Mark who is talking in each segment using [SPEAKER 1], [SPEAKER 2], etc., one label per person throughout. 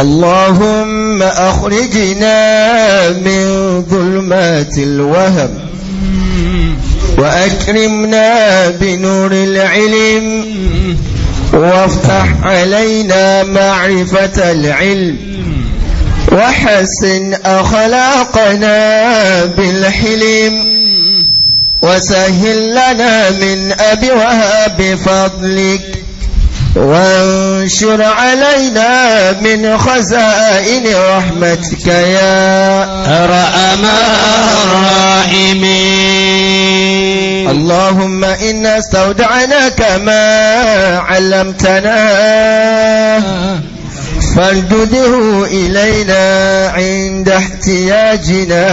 [SPEAKER 1] اللهم أخرجنا من ظلمات الوهم وأكرمنا بنور العلم وافتح علينا معرفة العلم وحسن أخلاقنا بالحلم وسهل لنا من أبواب فضلك وانشر علينا من خزائن رحمتك يا أرأم الرائمين اللهم إنا استودعناك ما علمتنا فاردده إلينا عند احتياجنا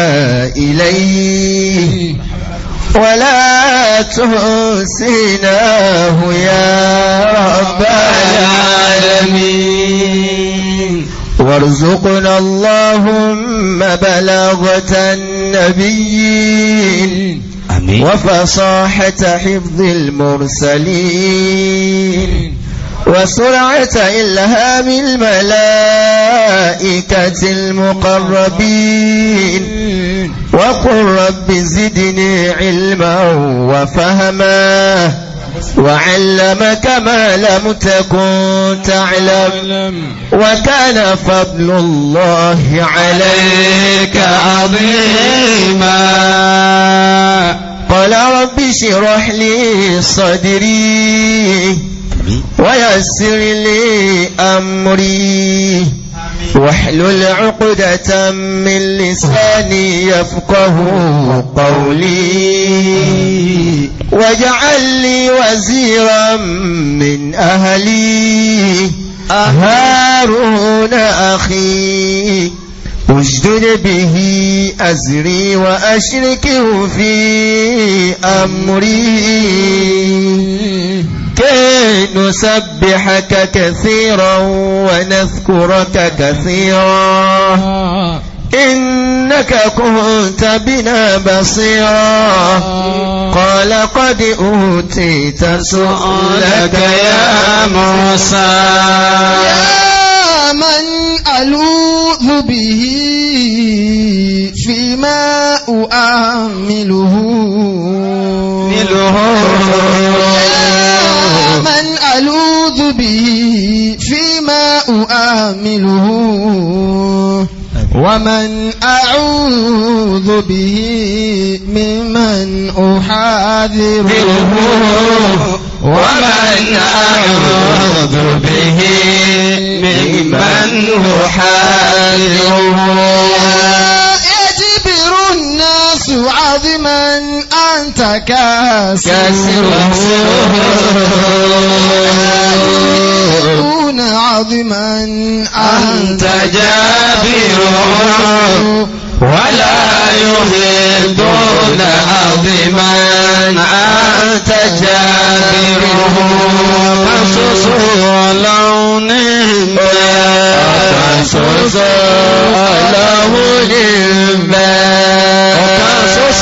[SPEAKER 1] إليه ولا تنسناه يا رب العالمين وارزقنا اللهم بلاغة النبيين أمين. وفصاحة حفظ المرسلين وصرعة إلها بالملائكة المقربين وقل رب زدني علما وفهما وعلمك ما لم تكن تعلم وكان فضل الله عليك عظيما قال رب اشرح لي صدري آمين ويسر لي أمري واحلل عقدة من لساني يفقه قولي واجعل لي وزيرا من أهلي هارون أخي اشدد به أزري وأشركه في أمري كي نسبحك كثيرا ونذكرك كثيرا إنك كنت بنا بصيرا قال قد أوتيت سؤالك يا موسى يا من ألوذ به فيما أعمله أعوذ به فيما أؤامله ومن أعوذ به ممن أحاذره
[SPEAKER 2] ومن أعوذ به ممن
[SPEAKER 1] أحاذره تكاسرون عظما أنت جابر ولا يهدون عظما أنت جابر فصص ولو نهما فصص ولو نهما فصص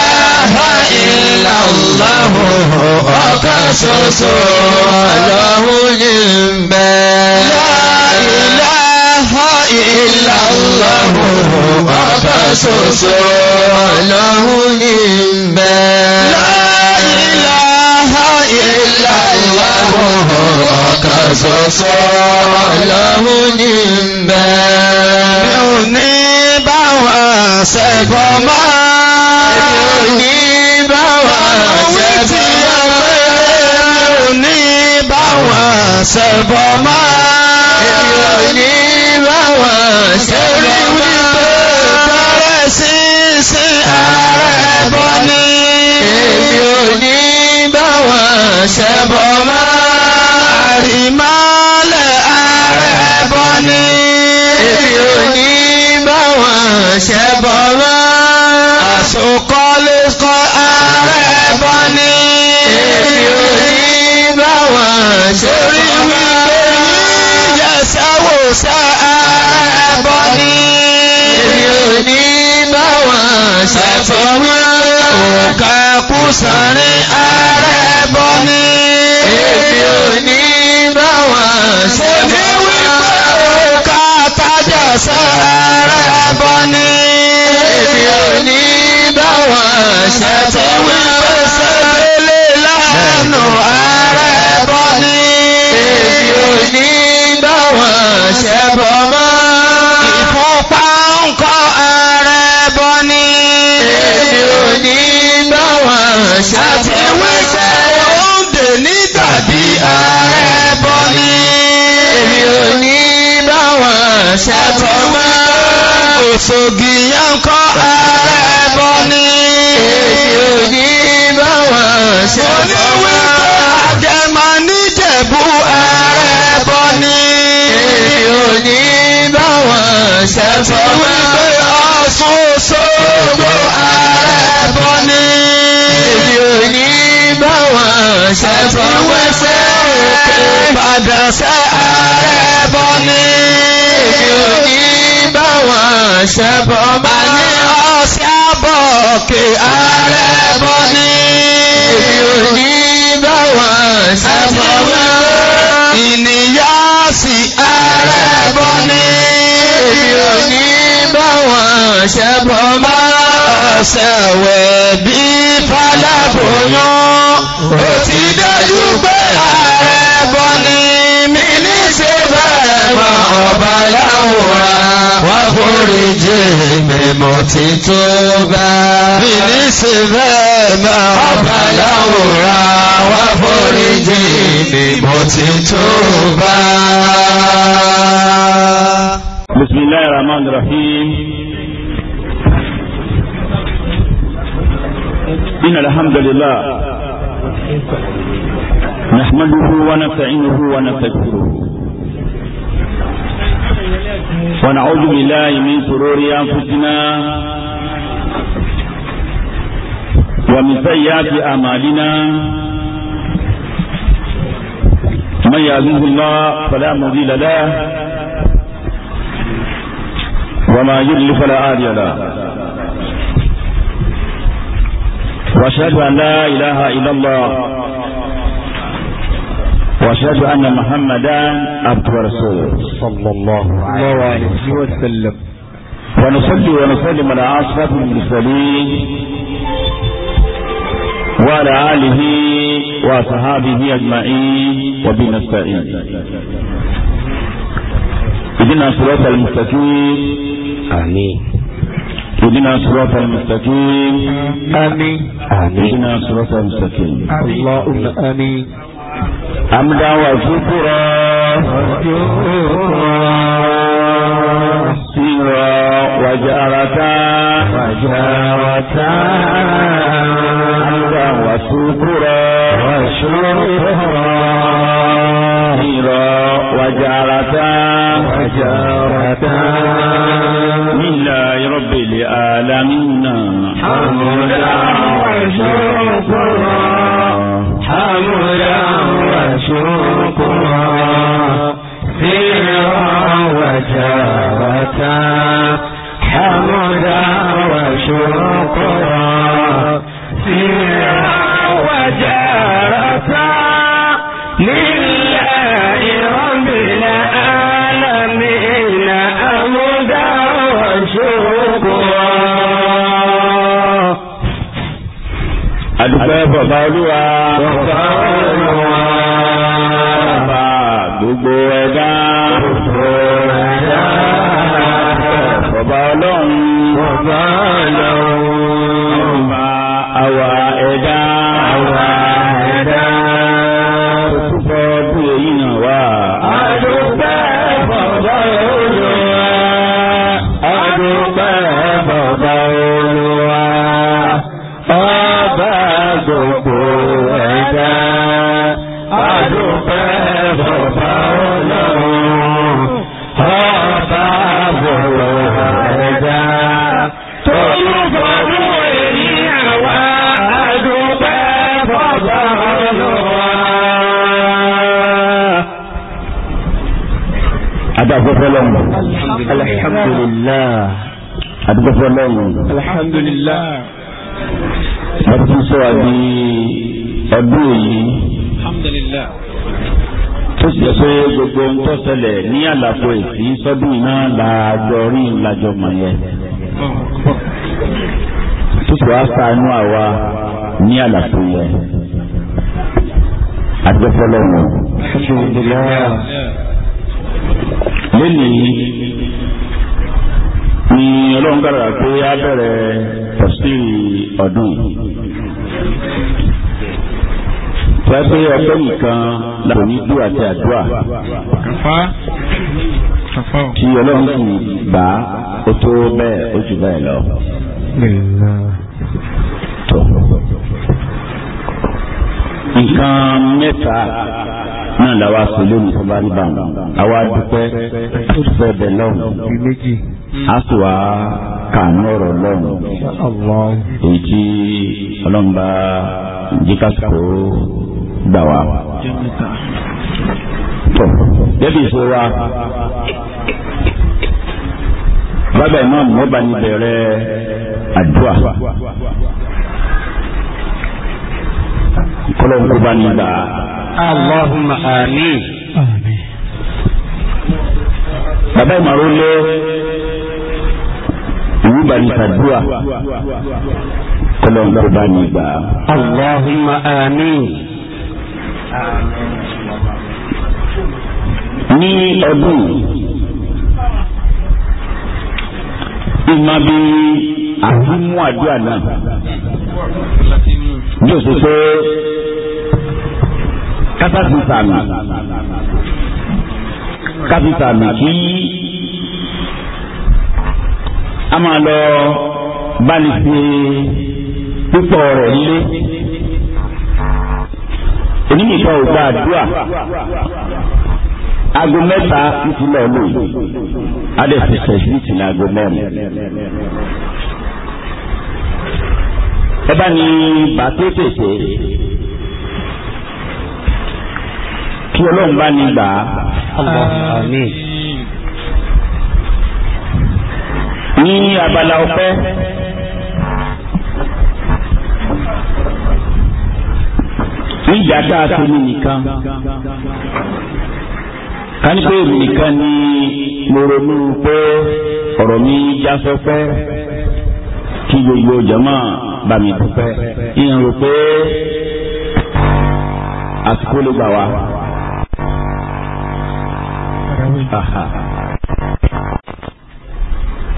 [SPEAKER 2] ìlàláhù ọ̀kan ṣoṣo ọlọ́hun ní bẹ́ láìláhà ìlàláhù ọ̀kan ṣoṣo ọlọ́hun ní bẹ́ láìláhà ìlàláhù ọ̀kan ṣoṣo ọlọ́hun ní bẹ́ mi ò máa mi ò ní Òwí ti ẹgbẹ́ òní báwọn ṣẹ̀bọ̀ máa. Èrò ní báwọn ṣẹ̀bọ̀ máa. Bẹ̀rẹ̀ sí sí ààrẹ bọ́ ní. Èmi ò ní báwọn ṣẹ̀bọ̀ máa. Àrìmọ́lẹ̀ ààrẹ bọ́ ní. Èmi ò ní báwọn ṣẹ̀bọ̀ máa. Àsokọ́lẹ̀. Torí wípé yíyà sáwò sáàbọ̀ ni. Èmi ò ní bá wọn ṣàfọwọ́. Òǹkà kú sọ̀rin ààrẹ bọ́ ni. Èmi ò ní bá wọn ṣàfọwọ́. Èmi wípé òǹkà tájà sáàrẹ bọ́ ni. Èmi ò ní bá wọn ṣàfọwọ́. ògì yẹn kọ́ ààrẹ bọ́ ní èsì ògì bá wọn ṣe fọ́nà àjẹmọ́ níjẹ̀bú ààrẹ bọ́ ní èsì ògì bá wọn ṣe fọ́nà ọ̀sùn ṣògbó ààrẹ bọ́ ní èsì ògì bá wọn ṣe fọ́nà òkè padà ṣe ààrẹ bọ́ ní èsì ògì ṣẹ́bọ̀ bá ní ọ̀sẹ̀ àbọ̀ kí ààrẹ bọ́ ní ìròyìn báwọn ṣẹ́bọ̀ bá ìníyà sí ààrẹ bọ́ ní ìròyìn báwọn ṣẹ́bọ̀ bá ṣẹ̀wẹ̀ bí fàlàbòyàn ó ti dájú pé ààrẹ. بلاورا وخرج من متتوبا بنسبة ما بلاورا وخرج من متتوبا بسم الله الرحمن
[SPEAKER 3] الرحيم إن الحمد لله نحمده ونستعينه ونستغفره ونعوذ بالله من شرور أنفسنا ومن سيئات أعمالنا من يهده الله فلا مضل له وما يضل فلا هادي له واشهد ان لا اله الا الله وأشهد أن محمدا عبد ورسوله صلى الله عليه وسلم ونصلي ونسلم على أشرف المرسلين وعلى آله وصحابه أجمعين وبنستعين إذن صراط المستقيم آمين اهدنا صراط المستقيم آمين اهدنا صراط المستقيم اللهم آمين حمدا وشكرا سيرا وجارتا وجارتا حمدا وشكرا وشكرا سيرا وجارتا وجارتا لله رب العالمين حمدا وشكرا حمدا شروقها سيرا وجاوتا حمدا وشوقها سيرا وجاوتا لله رب العالمين أمدا وشوقها أدفع بابا gbogbo ẹ̀dá ọba ọlọ́run ọba ọlọ́run ọba àwa ẹ̀dá. الحمد لله adúgbò fọlọ́mù alhamdulilah wọ́n ti sọ àbí ọdún yìí alhamdulilah tó sì jẹ́ pé gbogbo ohun tó ṣẹlẹ̀ ní àlàfo èsì sọ́dún náà làjọ rí làjọ mọ̀ yẹn
[SPEAKER 4] tó sì wá ṣàánú àwa ní àlàfo
[SPEAKER 3] yẹn adúgbò fọlọ́mù alhamdulilah lénìí ni ọlọ́run kára pé á bẹ̀rẹ̀ tafsiri ọdún pẹ́pẹ́ ọpẹ́ nìkan làwọn onídùú àti àdúrà kí ọlọ́run sì gbà ó tó bẹ́ẹ̀ ó jù bẹ́ẹ̀ lọ. nǹkan mẹ́ta náà làwa sọ lónìí tó bá rí bá àwa dúpẹ́ tó fẹ́ bẹ̀ lọ́hùn a sì wá kàánú ọ̀rọ̀ lọ́hùn èyí tí ọlọ́mùbá jíkàsíkò gbà wá. débi ìṣó wa bàbá imam wọn bá ní bẹ̀rẹ̀ àdúrà kọlọ́nkú bá ní gbà á. Allahumma àmín. Bàbá ìmọ̀ró lé ìwúbalìsàdúrà kọlọ́ńdọ́ bá ní gbà. Allahumma àmín.
[SPEAKER 4] Ní ọdún
[SPEAKER 3] ìmọ̀ bí àtúmú àdúrà náà. Bí o ṣe pé kásásì sàmì kásì sàmì kí a máa lọ báni ṣe pípọ̀ rẹ̀ lé onímọ̀ ìgbà àdúrà aago mẹ́ta ìfúnlẹ̀ lò yìí adẹ́sẹ̀ sẹ̀sìlìtì ní aago mẹ́rin. ẹ bá ní bàtẹ́tẹ̀tẹ̀. tí ọlọ́run bá ní gbà á. ní abala ọpẹ́ ní ìjà tá a tó nìkan ká èmi nìkan ni mo ronú pé ọ̀rọ̀ mi já sọpẹ́ kí gbogbo jama bá mi dúpẹ́ ìyẹn rò pé àsìkò ló gbà wá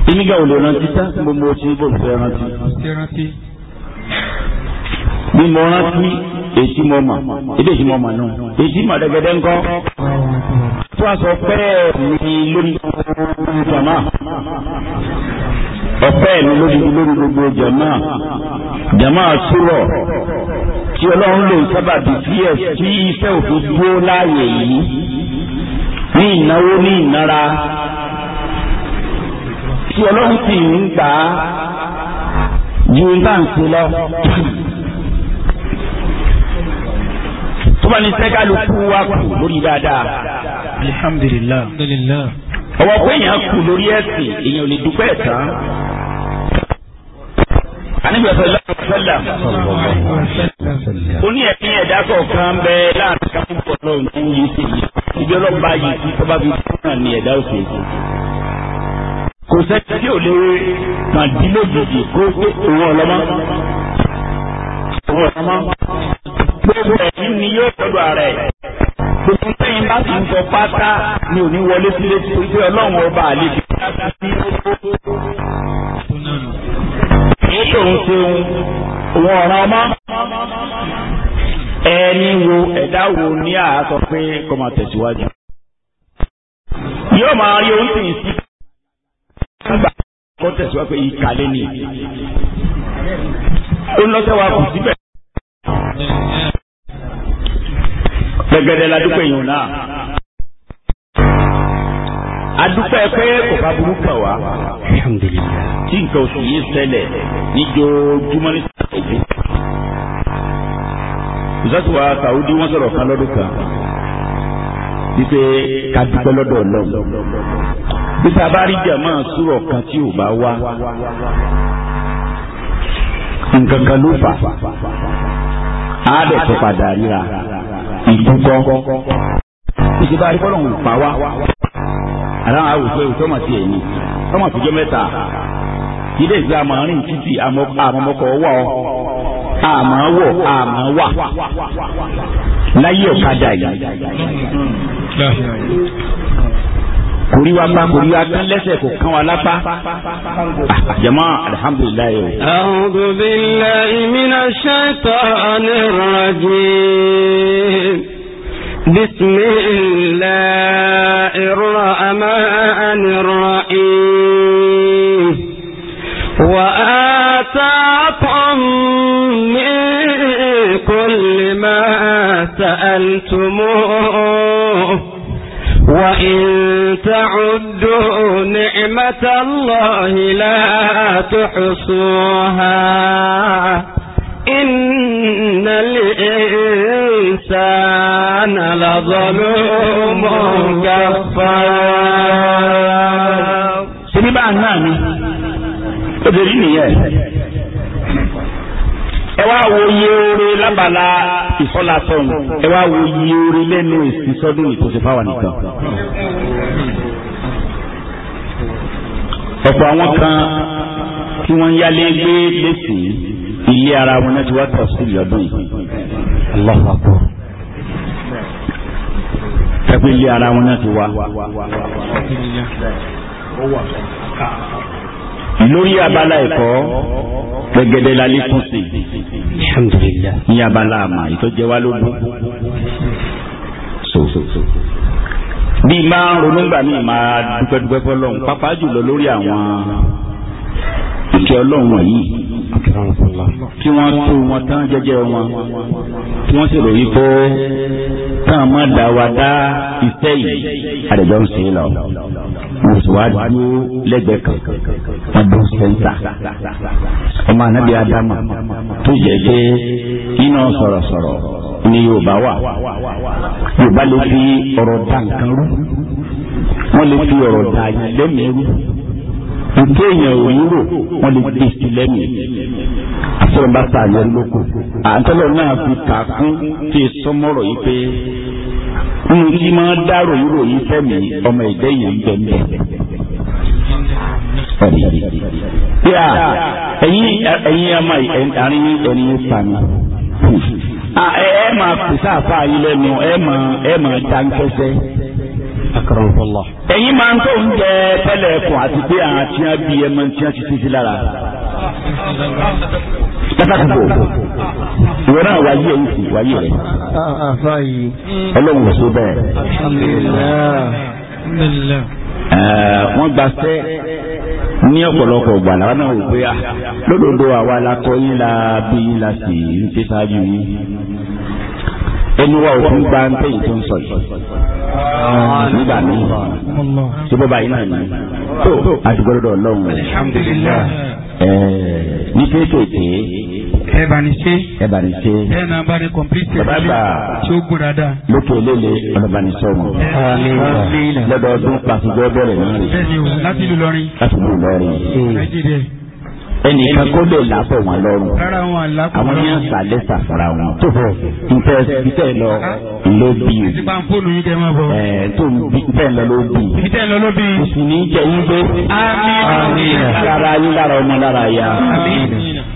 [SPEAKER 3] èmi gà ò lè rántí tá mo mo ti bò fẹ́ rántí. bí mo rántí èyí mo mà èdè èyí mo mà náà èyí mà dẹ́gẹ́dẹ́ ńkọ́. tó a sọ pẹ́ẹ́ mi lórí jàmá ọ̀pẹ́ mi lórí lórí gbogbo jàmá jàmá sùrọ̀ tí ọlọ́run lè sábàbí sí ẹ̀ sí iṣẹ́ òfin dúró láàyè yìí ní ìnáwó ní ìnara tí ọlọ́run sì ń gbà á ju báǹkì lọ. tó bá ní sẹ́kálukú wa kù lórí dáadáa. alhamdulilah. ọwọ́ pé èèyàn kù lórí ẹ̀sìn èèyàn ò lè dúpẹ́ ẹ̀ tán. Ànábì sallallahu alaihi wasallam. ó ní ẹ̀mí ẹ̀dá kọ̀ọ̀kan bẹ́ẹ̀ láàrin kápúpọ̀ náà ní yìí sì ní bí ọlọ́ba yìí sí tọ́ba fi fúnra ní ẹ̀dá òsè èsì. kò sẹ́ni tí ò lè kàn dín lójijì kó pé òun ọlọ́mọ.
[SPEAKER 4] òun ọlọ́mọ. gbogbo ẹ̀yìn ni yóò tọ́jú ara gbogbo sẹ́yìn
[SPEAKER 3] bá ti ń sọ pátá ni ò ní wọlé sílé torí pé ọlọ́run ọba àlejò
[SPEAKER 4] èyí tó ṣe òun
[SPEAKER 3] ọ̀ràn ọmọ ẹni wo ẹ̀dá wo ní àásọ pé kó máa tẹ̀síwájú. yóò máa rí ohun tí ì sí nígbà kó tẹ̀síwájú pé ìkàlẹ́ ni. ó lọ́sẹ̀ wa kù síbẹ̀. gbẹ̀gẹ̀dẹ̀ la dúpẹ́ yìí náà. adúpẹ́ pé kò bá burú kàn tí nǹkan oṣù yìí ṣẹlẹ̀ níjọ́ júmọ́ ní sàkóso ìsọ́sì wa sàwùdí wọ́n sọ̀rọ̀ kan lọ́dún kan wípé ká dúpẹ́ lọ́dọ̀ ọlọ́run bí tá a bá rí jàmá sùrọ̀ kan tí ò bá wá nǹkan kan ló fà á dẹ̀ tó padà ríra ìdúgbọ́ ìṣèjọba àríkọ́lọ̀ ń pa wá aláwọn àwùjọ ìwùjọ mà ẹ̀ ní ọmọ àfijọ́ mẹ́ta ilé ìgbà màárín títì àmọ́kọ̀ ọwọ́ ọ. àmọ́ wọ̀ àmọ́ wà láyé ọ̀kadà yìí kòrí wa bá kòrí wa kán lẹ́sẹ̀ kò kán wa lápá. jama alihamdulilayi o. a'udhu billahi minash shaitanir rajim. بسم الله الرحمن الرحيم وآتاكم سألتموه وإن تعدوا نعمة الله لا تحصوها إن الإنسان لظلوم كفار سبب أهنامي تدريني يا ẹ wá wo iye lábàlá ìsọ́lá sọ̀hún ẹ wá wo iye orí lẹ́nu ìsìn sọ́dún ìtòsí fáwọn nìkan. ọ̀pọ̀ àwọn kan tí wọ́n ń yálé gbé lẹ́sìn ilé ara wọn náà ti wá tọ̀ sí ìyọ̀dún yìí. Allahu Akbar. ẹgbẹ́ ilé ara wọn náà ti wá lórí abala ẹ̀kọ́ gbẹgẹdẹ la lè tún sí ní
[SPEAKER 5] abala àmà ìtọ́jẹ́ wa lógún
[SPEAKER 3] bí máa ń ronú gbà mí máa dúpẹ́dúpẹ́ fọlọ́run pàápàá jùlọ lórí àwọn ìkẹ́ ọlọ́run wọ̀nyí kí wọ́n tó wọn tán jẹ́jẹ́ wọn kí wọ́n sì ròyìn pé táwọn máa dá wa dá ìfẹ́ yìí àdẹ̀jọ́ ń ṣe é lọ mo sì wá dúró lẹ́gbẹ̀ẹ́ kan wọ́n dúró sẹ́ńtà ọmọ anábì ádámà tó jẹ́ pé iná sọ̀rọ̀sọ̀rọ̀ ni yorùbá wà yorùbá lè fi ọ̀rọ̀ dá nǹkan rú wọ́n lè fi ọ̀rọ̀ dá yẹn lẹ́mìí rú nke èèyàn ò ní rò wọn lè gbé sí lẹ́nu àti ọba tààyè lóko àtọ́lọ́ náà fi kà kún tí sọmọ́rọ̀ yìí pé nínú tí máa dá ròyìn ròyìn fẹ́mi ọmọ ẹ̀dẹ́ yẹn ń bẹ̀ ń bẹ̀. ẹ̀yin àárín ẹni yẹn pa mi ẹ máa pèsè àfa yìí lẹ́nu ẹ máa ẹ máa dá ẹ̀yin máa ń tó ń jẹ tẹ́lẹ̀ ẹ̀kọ́ àti pé ẹ máa ń pátákùkù ìwọ náà wáyé ẹ̀ yìí wáyé rẹ̀ ọlọ́run ṣe bẹ́ẹ̀. wọ́n gba sẹ́ ní ọ̀pọ̀lọpọ̀ ọgbà làwọn náà wò pé ah, lódodo àwa la kọ́ yín la bí yín la sì ń tẹ́sáájú yín ẹni wa òfin gba ń tẹ̀yìn tó ń sọ yìí ah, nígbà míì tí bó báyìí náà ní tó àdúgbòdò ọlọ́run eh, ní kéékèèké ẹ bá ní ṣe ẹ bá ní ṣe ẹ náà bá ní kọ̀mpútì ẹ bá tí ó gbó dáadáa lókè lélẹ̀ ọlọ́ba ní sọ́wọ́n lọ́dọọdún pàṣẹ gbọ́ bẹ̀rẹ̀ náà rè láti lù lọ́rin láti lù lọ́rin ẹnìkan gbọ́dọ̀ lábọ̀ wọn lọ́rùn àwọn ní àṣàlẹ̀ ṣàfara wọn tó bọ̀ ntẹ ntẹ lọ ló bí ẹ tó ntẹ lọ ló bí kò sì ní jẹ ń gbé lára yín lára ọmọ lára ya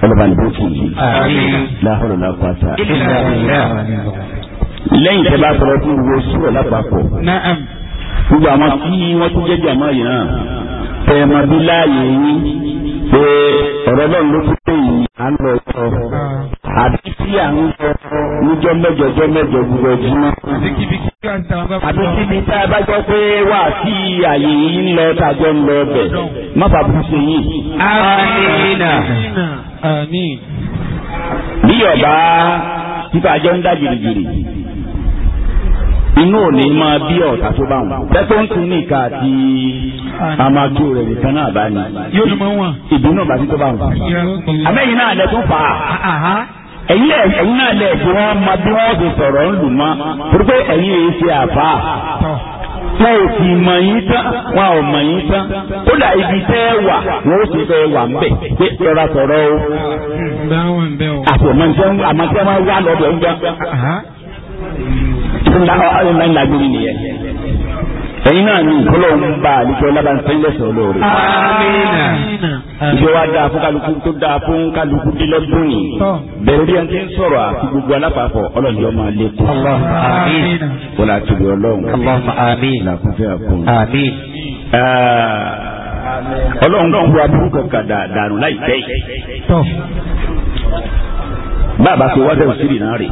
[SPEAKER 3] ọlọ́bàá nìbó fún mi láhùrù lápáta lẹ́yìn tẹ́ bá sọ̀rọ̀ fún wo sùúrọ̀ lápapọ̀ gbogbo àwọn tí wọ́n tún jẹ́ jàmọ́ yìí náà tẹ̀ ẹ̀ máa bí láàyè yín pé ọ̀rọ̀ náà ló kú pé yìí à ń lọ sọ ah. àbí tí à ń sọ níjọ́ mẹ́jọjọ́ mẹ́jọ gbúdọ̀ jùmọ̀. àbí síbi tá a bá gbọ́ pé wà sí àyè yìí ń lọ tàjọ́ ń lọ ọbẹ̀ má bàbá ṣe yìí. amina. bí ọba títà jọ ń dá jìrìjìrì. inú ò ní máa bí ọ̀tá tó bá wọn. pẹ́pẹ́ ń tún ní ìka àti amadu rẹ̀ nìkan náà bá ní. yóò ní mọ wọn. ìbínú bàtí tó bá wọn. àmẹ́yìn náà lẹ tún fà á. ẹ̀yin náà lẹ tí wọ́n ma bí wọ́n ti sọ̀rọ̀ ń lù mọ́ torí pé ẹ̀yin èyí ṣe àfà
[SPEAKER 4] wọn ò sì mọ̀ yín tán ò mọ̀ yín tán ibi tẹ́ ẹ wà wọn ò sì fẹ́
[SPEAKER 3] wà sọ̀rọ̀ o. ńlá gbórí nìyẹn ẹ̀yin náà ní ìkọlọ́ ń bá àlùfẹ́ lábàǹtẹ́ lẹ́sẹ̀ olóore. ìjọ wa dáa fún kálukú tó dáa fún kálukú délẹ̀ bóyìn bẹ̀rẹ̀ bí wọ́n ti ń sọ̀rọ̀ àti gbogbo alápapọ̀ ọlọ́ọ̀ni ọmọ alẹ́ kù. wọ́n á tóbi ọlọ́run làkúnfẹ́ àkùn. ọlọ́run náà wọ abúrú kankan dànù láìpẹ́ yìí.
[SPEAKER 4] bá a bá fi wá sẹ́wọ̀n sírì rè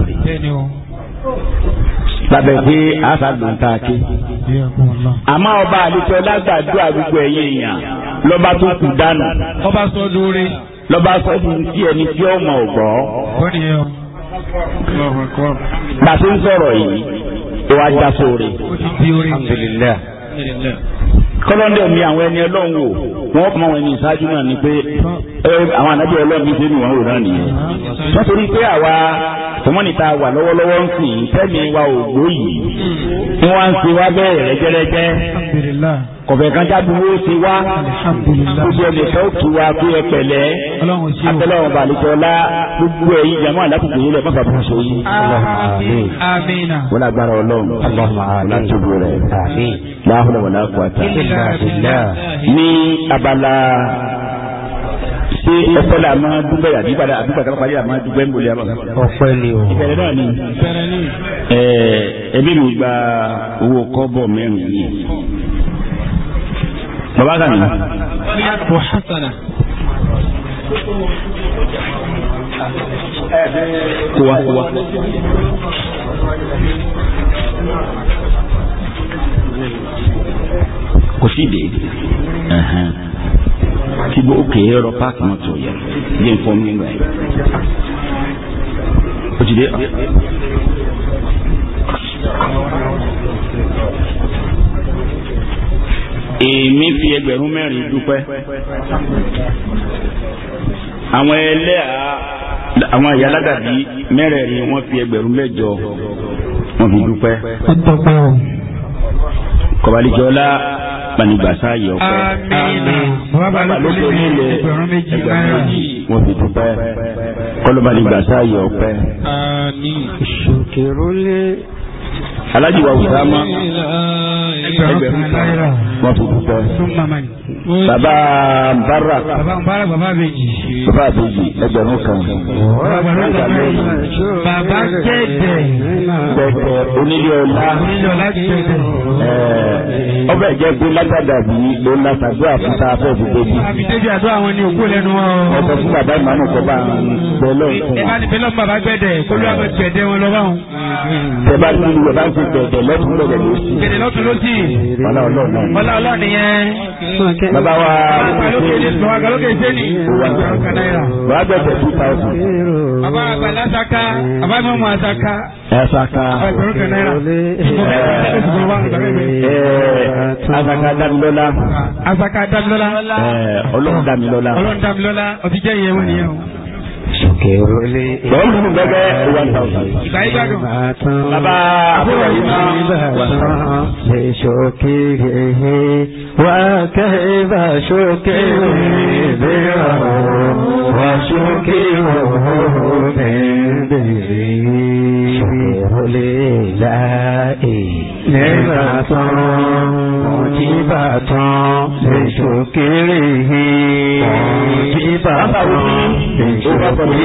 [SPEAKER 3] lábẹ́ pé àṣàgbọ̀n tá a ké. àmọ́ ọba àlejò lágbàdúrà gbogbo ẹ̀yìn èèyàn lọ́ba tó kù dànù. ọba sọ lórí. lọ́ba sọ fún tí ẹni tí ó mọ̀ ọ́ gbọ́. bàtí ń sọ̀rọ̀ yìí ìwà já sóore kọ́lọ́ndẹ̀ mi àwọn ẹni ọlọ́run wò wọ́n fún àwọn ẹni ìṣáájú náà ni pé àwọn ànábì ọlọ́run ṣe ni wọ́n wò náà nìyẹn. nítorí pé àwa tọmọ́nì tá a wà lọ́wọ́lọ́wọ́ ń sìn tẹ́mi wa ò gbóyìí wọ́n á ń ṣe wá bẹ́ẹ̀ rẹ́jẹ́rẹ́jẹ́ kọ̀fẹ́ kan jáde wo ti wá gbogbo ẹnìkan ó tu wa tó yẹ pẹ̀lẹ́ abẹ́lẹ́wọ̀n balùwẹ̀lá gbogbo ẹ̀yin jàmọ́ àlákùnkùn yìí lẹ̀ má bàbá ṣe yìí. amiina. wọ́n lè agbára ọlọ́run wọ́n lè tóbi rẹ̀ láhùn wọ́n lè kó ata. ní abala ṣé ẹ̀fọ́ la máa dúpẹ́ yàtí padà àdúgbò àti àpárí àmọ́ dúpẹ́ ń bolí àmọ́. ọpẹ́ ni o. ìbẹ̀rẹ̀ náà ni ẹ̀ẹ́dẹ́gbẹ̀rún gba owó kọ́bọ̀ mẹ́rin yìí bàbá kan mi. tiwa tiwa. kò sí de tí bó kè é rọ páàkì náà tó yẹ yé o ti dé.
[SPEAKER 5] èmi fi ẹgbẹ̀rún mẹ́rin dúpẹ́ àwọn ẹlẹ́à àwọn ìyálàgàbí
[SPEAKER 3] mẹ́rẹ̀ẹ̀rin wọ́n fi ẹgbẹ̀rún mẹ́jọ wọ́n fi dúpẹ́ kọbalijọ́lá panigbasa yẹ ọpẹ́ balóko nílé ẹgbẹ̀rún méjì wọ́n fi dúpẹ́ kọlọ́banigbasa yẹ ọpẹ́. alájùwà usama
[SPEAKER 4] ẹgbẹ̀rún kan náírà
[SPEAKER 3] wọ́n fi dúpẹ́. Baba mbara. Baba bara Baba àbèjì ẹgbẹ̀rún kan. Baba jẹ́dẹ̀. jẹ́dẹ̀ onílé ọlá. onílé ọlá jẹ́dẹ̀. ọbẹ̀ jẹ́ pé látàdà bí ló ń látàdó àfúntà afẹ́ òdìdó bí. àbídéjì àdó àwọn ni òkú lẹ́nu wọn. ọ̀pọ̀ fún bàbá ìmọ̀ àná kọ́ bá bẹ̀lọ́. ẹ bá ní bẹ̀lọ́ bàbá gbẹ̀dẹ̀ kó ló àmọ̀ jẹ̀dẹ̀ wọn lọ́wọ́ àwọn. ẹ bá ti ẹ bá ti gbẹ̀dẹ̀ lọ́tún lọ́tún lọ́sì. gbẹ̀dẹ̀ lọ́tún lọ́sì. wàlá ọlọ́run nìyẹn bàbá wa bàbá gbẹ̀gbẹ̀ two thousand. bàbá àgbàlá saka bàbá mi mú asaka. ẹ saka. asaka damilola. asaka damilola. ọlọ́run damilola. ọlọ́run damilola ọtí jẹ́ ìyẹn wọ́n nìyẹn o lọ́wọ́ nínú gẹ́gẹ́ one thousand. bàbá àbúrò yìí máa wà. lè ṣòkèrè wà kẹ́hìnbà ṣòkèrè bẹ́ẹ̀ wà ṣòkèrè bẹ́ẹ̀ ṣòkèrè lè láàyè. nígbà tán ọ̀jìbà tán lè ṣòkèrè ọ̀jìbà tán lè ṣòkèrè.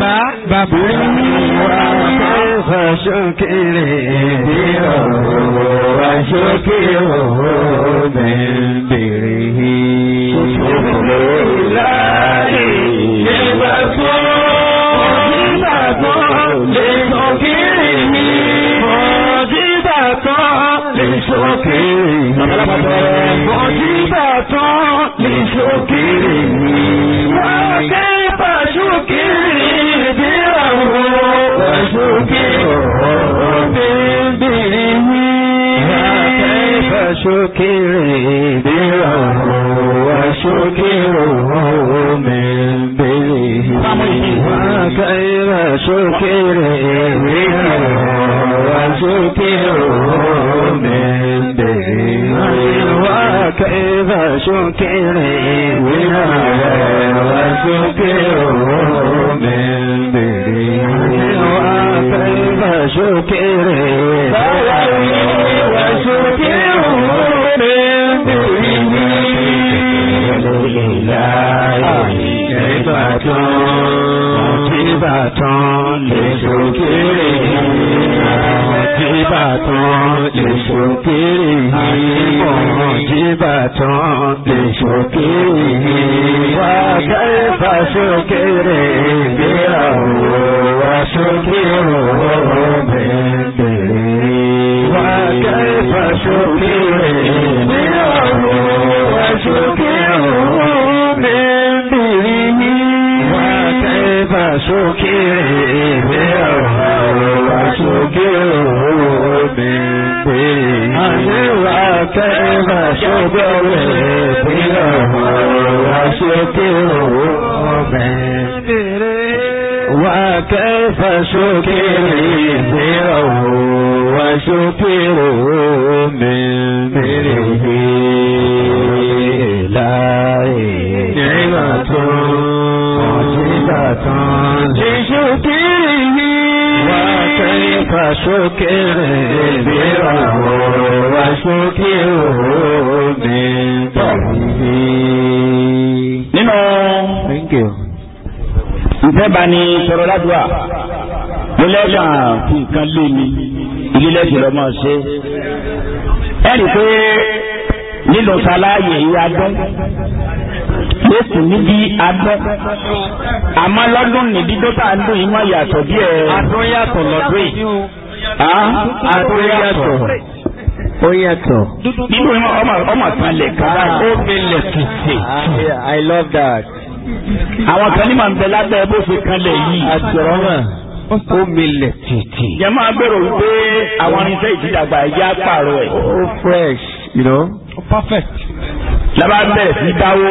[SPEAKER 3] bàbá bàbá wà
[SPEAKER 4] kẹfà
[SPEAKER 3] ṣókèrè bí ọ̀rọ̀ wà ṣókèrè ọ̀rọ̀ bèrè yìí. Òṣèlú láàyè ìgbà tó ọ̀dígbà tó lè ṣókèrè mi. Ọ̀dígbà tó lè ṣókèrè mi. Ọ̀dígbà tó lè ṣókèrè mi.
[SPEAKER 4] شكري بره وشكره من بره وكيف شكري بره وشكره من
[SPEAKER 3] بره وكيف شكري بره sókè òun mi bèrè. Nínú afẹ́ ìgbà sókè rẹ̀. Báwo lè sókè rẹ̀ jíbàtàn èso kéré yìí. Àkíkọ̀ jíbàtàn èso kéré yìí. Wà kẹ́fà sókèrè ìgbéyàwó wà sókèrò bẹ̀rẹ̀. Wà kẹ́fà sókèrè ìgbéyàwó wà sókèrò bẹ̀rẹ̀. Wà kẹ́fà sókèrè ìgbéyàwó wà sókèrò. بالطين أنوى كيف شكر طينه وشكره وكيف شكري طينه وشكره من بره لا نعمة عجيبة
[SPEAKER 4] لشكره كيف
[SPEAKER 3] شكر بره وشكره من طهره نينو ثانك bá ní sọ̀rọ̀ ládùúgbà lọ́lẹ́gbà fún nǹkan lé mi ilé lẹ́sìn lọ́mọ ṣe ẹ̀rí pé nílùú sáláyè ìyá dún lóṣù níbi adán àmọ́ lọ́dún ní dídó tá à ń dùn yín má yàtọ̀ bí ẹ. adún yàtọ̀ lọ́dún yìí. adún yàtọ̀ ó yàtọ̀. nínú ọmọ kan lè kára ó mi lè ah, I love that. àwọn kan ní màá bẹ lábẹ́ bó ṣe kan lè yí. àtọ̀rọ̀ náà ó milẹ̀ títì. yẹn máa gbèrò wípé àwọn irinṣẹ́ ìdídàgbà ẹ̀yà pààrọ̀ ẹ̀. ó fresh you know. perfect. lábàá bẹ̀rẹ̀ sí dáwó.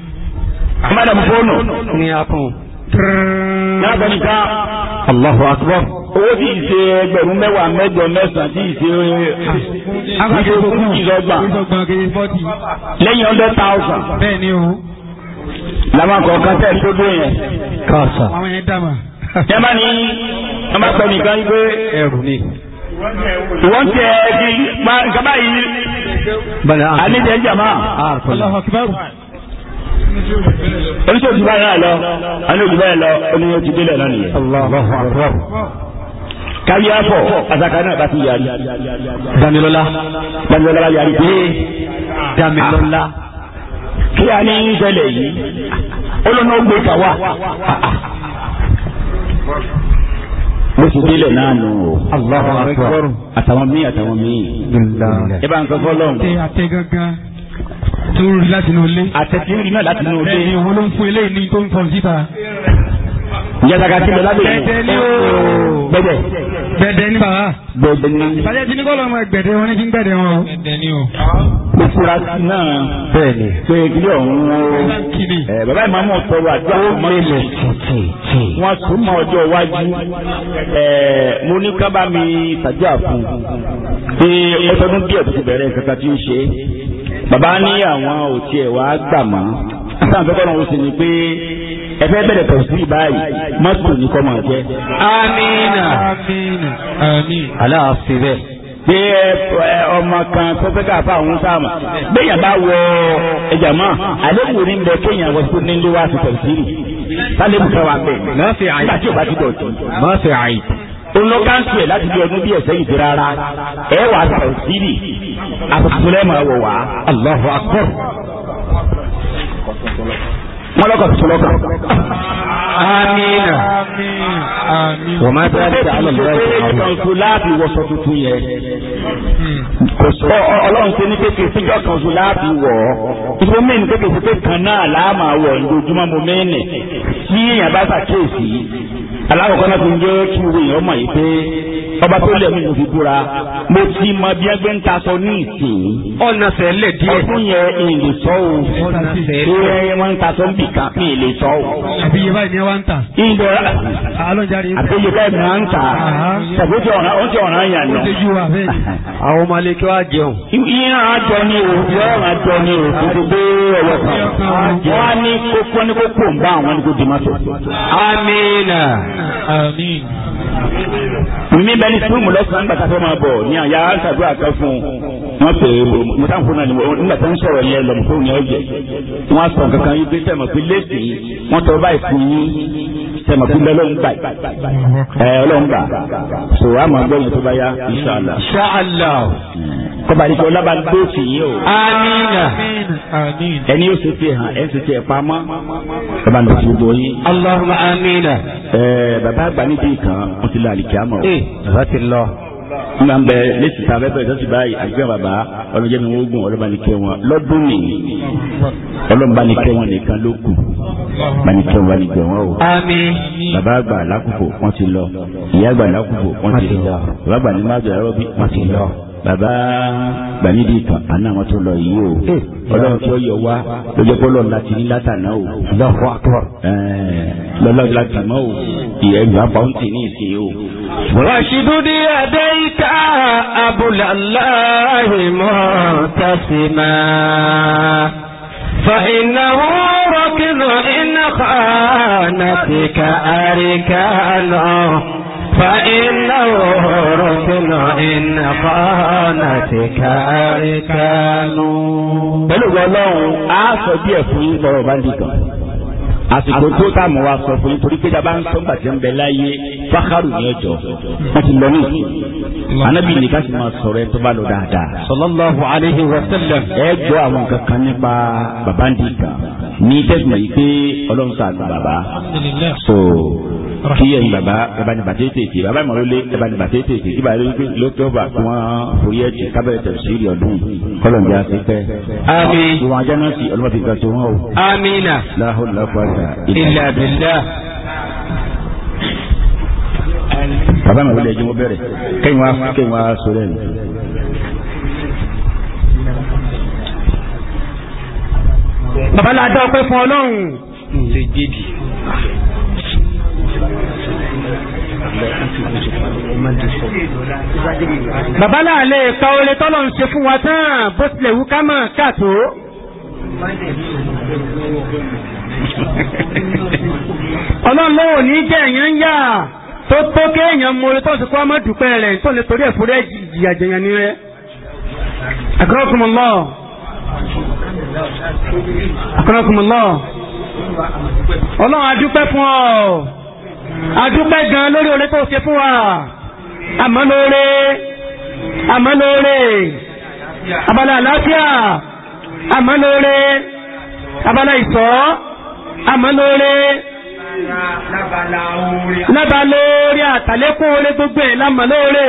[SPEAKER 3] madam fóònù. ní apun. yàtọ̀ Allahu akbar. owó tí ìṣe ẹgbẹ̀rún mẹ́wàá mẹ́jọ mẹ́sàn-án tí ìṣe ìṣe fún ìdọ́gba. lẹ́yìn hundred thousand. bẹ́ẹ̀ni o. làwọn kọ̀ọ̀kan tẹ̀ tó dé yẹn. kàṣà. àwọn yẹn dàmà. yẹ́n bá ní sọ nìkan yí pé. ẹrù ni wọ́n tẹ ẹ́ kí nǹkan báyìí. alẹ́ jẹ́ jàmá. Allahu akbar
[SPEAKER 4] oníṣẹ́ òjì báyìí náà lọ àní òjì báyìí lọ oníṣẹ́
[SPEAKER 3] òjì délẹ̀ náà nìyẹn. Allahu akbar. káyé afọ àtàkà náà bá ti yàrí. Damilola
[SPEAKER 4] Damilola bá yàrí pé
[SPEAKER 3] ah, Damilola ah, kí a ní í ṣẹlẹ̀ yìí olóńgbò gbé kàwá bó ah, ti délẹ̀ náà nù o. àtàwọn míì àtàwọn míì. ẹ bá ń kọ́ tó rí láti inú ilé. àtẹ̀tí rí láti inú ilé. ẹni wọn ló ń fún eléyìí ní tó ń fọn síta. ìyàtàkà ti lọ lábẹ́ ìlú. bẹ́ẹ̀dẹ̀ ni o. bẹ́ẹ̀dẹ̀. bẹ́ẹ̀dẹ̀ ni bàbá. bẹ́ẹ̀dẹ̀ ni. ìbàjẹ́ ti ní kọ́ lọ́mọ ẹgbẹ̀dẹ̀ wọn ní kí n gbẹ̀dẹ̀ wọn o. bẹ́ẹ̀dẹ̀ ni o. mo fura náà. bẹ́ẹ̀ni. pé kí ọ̀hún o. bàbá ìmáàmù tọrọ àdúrà fún mọ́tò. wọ́n tún mọ ọjọ́ iwájú. mo ní ká bá fún un. pé ọtọ́dún díẹ̀ tó ti bẹ̀rẹ̀ nǹkan tí ó ṣe bàbá ní àwọn ò tiẹ̀ wá gbà mọ́ sáà fẹ́ kọ́nà ó sì ni pé ẹ fẹ́ bẹ̀rẹ̀ pẹ̀lú sí báyìí mọ́tò ní kọ́ máa jẹ́. amina aláàfin bẹ́ẹ̀. pé ọmọ kan tó fẹ́ ká fà òun sáà mọ̀ gbẹ̀yà bá wọ ẹ̀jà mọ́ àlékún ní bẹ kéèyàn wọ sí nílé wá sí pẹ̀lú sí rí sálẹ̀ bùkẹ́ wa bẹ̀. nígbà tí o bá ti dọ̀tí ó lọ káńtù ẹ̀ láti bí ọdún bí ẹ̀sẹ̀ yìí rárá ẹ wà sọ̀rọ̀ síbì àfọ̀túnlẹ̀ máa wọ̀ wá Allahu Akbar. wọ́n lọ́kọ̀ tó lọ́kọ̀. amina wọ́n máa tẹ́lẹ̀ tẹ́lẹ̀ àlọ́ lọ́wọ́ ìṣòro. ṣé kọ̀ǹsù láàbì wọṣọ tuntun yẹn. ọlọ́run ṣe ní kékeré síjọ́ kọ̀ǹsù láàbì wọ̀ ọ́. ìṣòro ní kékeré sí kan náà láàmà wọ̀ ǹdojúmọ́ mo mẹ́ẹ̀nì tí èèyàn bá ṣàkíyèsí alákọ̀ọ́kọ́ náà ti ń jẹ́ kí gbogbo èèyàn mọ̀ yìí pé ọba tó lẹ̀ mí fi búra mo ti mọ bí ẹgbẹ́ ń ta sọ ní ìsìn. ọ̀nà sẹ́lẹ̀ díẹ̀. ọdún yẹn ìlè sọ o. ọ̀nà sẹ́lẹ̀. ṣé wọ́n ń ta sọ ń kan kí ìlè sọ o. àbíyè báyìí ni wọ́n ń ta. ìbò alonjari. àbíyè báyìí ni wọ́n ń ta. tàbí ó ti ọ̀nà yàn lọ. àwọn ọmọ alẹ́ kí wọ́n á jẹun. ìyẹn àjọ ni o yọ̀ọ́ àjọ ni o mímí bẹ́ẹ̀ ní sùúrù lọ́sàn-án gbàtà fẹ́ máa bọ̀ ní àyà àṣàdúrà kan fún un wọ́n pè é mo táwọn fún náà nígbà tó ń sọ̀rọ̀ yẹn lọ́mọ fún yẹn jẹ́ wọ́n sọ kankan yìí pé tẹ̀mọ̀ pé léèdì wọ́n tọ́ báyìí fún so àmọ́ gbọ́yìn tó bá yá inṣàlá. tọba àdìsí ọlábà gbòòtì yìí o. amiina. ẹni yóò ṣe tiẹ̀ hàn ẹ̀ ṣe tiẹ̀ pamọ́. tọba àdìsí gbogbo yín. Allahumma amiina. ẹẹ bàbá àgbà níbi kan wọn ti lọ àlìkíyàmọ. ee eh, bàbá ti lọ nígbà ń bẹ lẹsìn tàbẹ bẹ tó ti báyìí àgbẹ bàbá ọlọjẹ mi wọn gùn ọlọba nìkẹ
[SPEAKER 5] wọn lọdún nìyí ọlọba nìkẹ wọn nìkan ló kù banikẹ wọn banikẹ wọn o. àmín. bàbá àgbà lakufo wọn ti lọ ìyá àgbà lakufo wọn ti
[SPEAKER 3] lọ bàbá àgbà ní má jọ ẹrọ bí wọn ti lọ bàbá gbàmídì kan àná àwọn tó lọ yìí o eh, ọlọ́run tó yọ wá lọ́jọ́ pé ọlọ́run láti ní látàná o lọ́wọ́ àtọ́ lọ́lọ́run láti mọ́ o ìyẹn ìwà pọ́ǹtì ní ìsìn o. rọ̀ṣídúdí adéyíká abúláláhì mọ́tàsímà فإنه ركن إن خانتك أركانه فإنه رسل إن خانتك أركان pẹ̀lú ọlọ́run á sọ díẹ̀ fún yín lọ́rọ̀ bá dìgbà àsìkò tá a mọ̀ wá sọ fún torí pé dábàá ń sọ gbàtí ń bẹ láyé fákàrù ní ẹjọ́ wọ́n ti lọ ní ìsìn anábì ní ká sì máa sọ̀rọ̀ ẹ tó bá lọ dáadáa. sallallahu alaihi wa sallam. ẹ gbọ́ àwọn kankan nípa bàbá ń dìgbà ní tẹ̀sán yìí pé ọlọ́run sàánú bàbá. so kí ẹ̀yin bàbá bàbá ní bàtẹ́ tètè bàbá ìmọ̀ ló lé bàbá ní bàtẹ́ tètè kí bàbá ló tó bà kí wọ́n forí ẹ̀ tì kábẹ̀rẹ̀ tẹ̀ sí ìrì ọdún kọ́lọ̀ ní ase pẹ́. ami ìwọ̀n ajá náà sì ọlọ́mọ fi ga tó wọn o. amina. láhùn láfàdà ilà bìlà. bàbá ìmọ̀ ló lé ẹjọ́ mọ́ bẹ̀rẹ̀ wá kẹ́yìn wá
[SPEAKER 5] sọ̀rọ̀ ẹ̀
[SPEAKER 4] babalada ọpẹ́
[SPEAKER 3] fún Ọlọ́run bàbá ale, lè ka oore tọ́lọ̀ ń ṣe fún wa tán bó tilẹ̀ wú ká mọ̀ káàtó. ọlọ́run ló wò ní jẹ́ èèyàn ń yà tó tó kéèyàn mọ oore tó ń ṣe kó ọmọ dùpẹ́ rẹ̀ tó lè torí ẹ̀fọ́rẹ́ jìyà jẹ̀yàn ni rẹ̀. akramakumullah. akramakumullah. ọlọ́run a dúpẹ́ fún ọ adúpẹ́ gan lórí oore tó ṣe fún wa àmọ́lóore àmọ́lóore abala àlàáfíà àmọ́lóore abala ìṣọ́ àmọ́lóore lábàlóore àtàlékún oore gbogbo ẹ̀ lámàlóore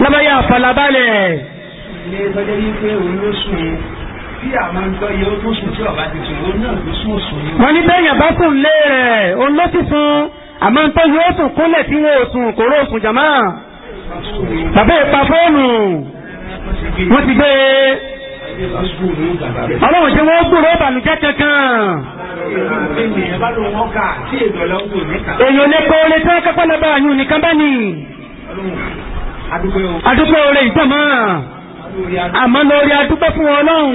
[SPEAKER 3] lábàyà àfàlábàlẹ̀. ilé ìtọ́jú ní wọ́n ní bẹ́yàn bá sùn lé rẹ̀ òun ló ti sun àmọ́ tó yóò sùn kúnlẹ̀ tí wọ́n ò sùn kòró sùn jàmá tàbí ìpa fóònù wọ́n ti gbé e. ọlọ́run ṣe wọ́n gbòòrò ìbànújẹ́ kankan. èèyàn lè pe tí wọ́n kápẹ́ lọ́ba àyùn nìkan bá ní. adúgbò orin ìtàn
[SPEAKER 4] àmọ́ lórí adúgbò
[SPEAKER 3] fún ọlọ́run.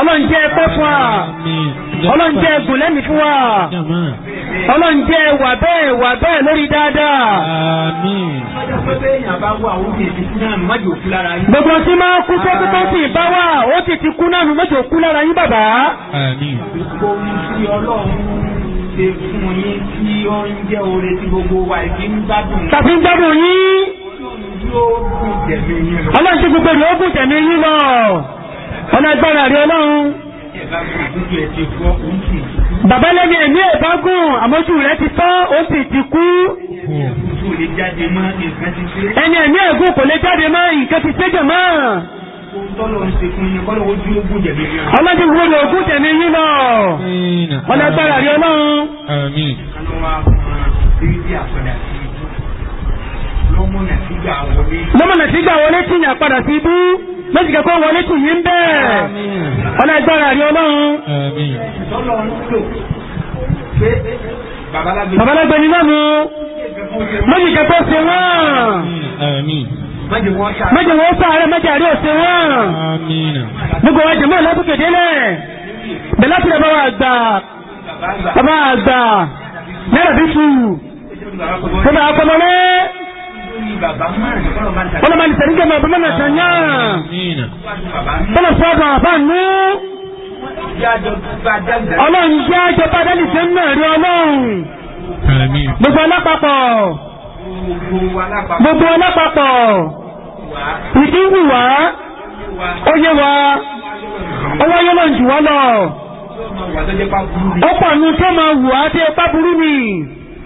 [SPEAKER 3] ọlọ́njẹ́ ẹgbẹ́ fún wa ọlọ́njẹ́ ẹgùn lẹ́mí fún wa ọlọ́njẹ́ wà bẹ́ẹ̀ wà bẹ́ẹ̀ lórí dáadáa. gbogbo tí máa kú sẹ́kítọ́ sí ìbá wà ó sì ti kú náà mẹ́jọ kú lára yín bàbá. Tàbí ń gbádùn yín. Ọlọ́run ṣe gbogbo ìlú ó gùn tẹ̀mí yín lọ ọ̀nà agbára rí ọlọ́run. bàbá lẹ́yìn ẹ̀mí ẹ̀bágùn àmójú rẹ̀ ti tán ó sì ti kú. ẹni ẹ̀mí ẹ̀gùn kò lè jáde mọ́ nǹkan ti ṣe jẹ̀ mọ́. ọlọ́dún gbọ́dọ̀ ogún tẹ̀mí yín lọ. ọ̀nà agbára rí ọlọ́run. lọ́mọ̀nà na gbà wọlé tí yàn padà sí ibú méjì kẹ́kọ́ wọlé tù yí ń bẹ́ẹ̀ ọ̀nà ìgbára rí ọlọ́run. ni lọ́nu ṣe wọ́n. wọ́n sáré àrí òṣè wọ́n. gbogbo wa jẹ̀mọ́ ìlọ́sọ̀kè délẹ̀ bẹ̀lá ti bàbá àgbà bí wọ́n máa ní sẹ̀ríkẹ́ máa bọ́mọ́ náà ṣàyà bọ́lá sọ́dọ̀ àbá nú. ọlọ́run jẹ́ àjọba dálì tẹ́ náà rí ọlọ́run. gbogbo alápapọ̀ gbogbo alápapọ̀ ìdíwù wá oyé wa owó ayé lọ́njù wá lọ. ó pọ̀ nu tó máa wù á dé pápúrú ni.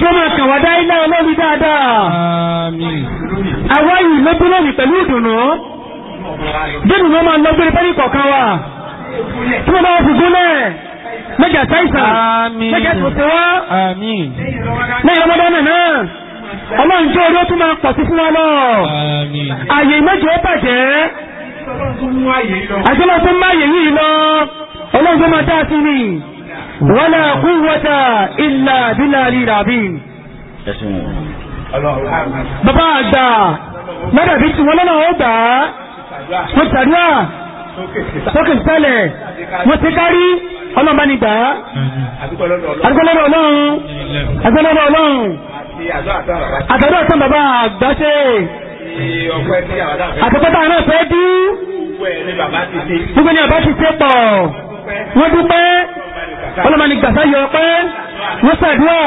[SPEAKER 2] jọmọ kàwádá iná olórí dáadáa
[SPEAKER 3] àwa yìí ló dúró pẹ̀lú ìdùnnú dénú ló máa lọ́gbẹ́rẹ́ pẹ́lú kọ̀ọ̀kan wa tí wọ́n bá wọ́n fi mẹ́jà sáìsà mẹ́jà tó ṣe wala quwwata illa billahi al-azim bàbá àgbà mẹ́tàbí tí wọ́n lọ́nà ó gbà á wọ́n tàdúrà sókè sẹ́lẹ̀ wọ́n ti kárí ọlọ́run bá ní gbà á agbẹ́lẹ́rẹ́ ọlọ́run agbẹ́lẹ́rẹ́ ọlọ́run àtàdúrà sàn bàbá àgbà ṣe àtàkọ́tà náà fẹ́ dú gbogbo ni bàbá ti ṣe pọ̀ wọ́n dúpẹ́ ọlọ́ba ni gbàtà yọ ọpẹ́ wọ́n ṣàdúrà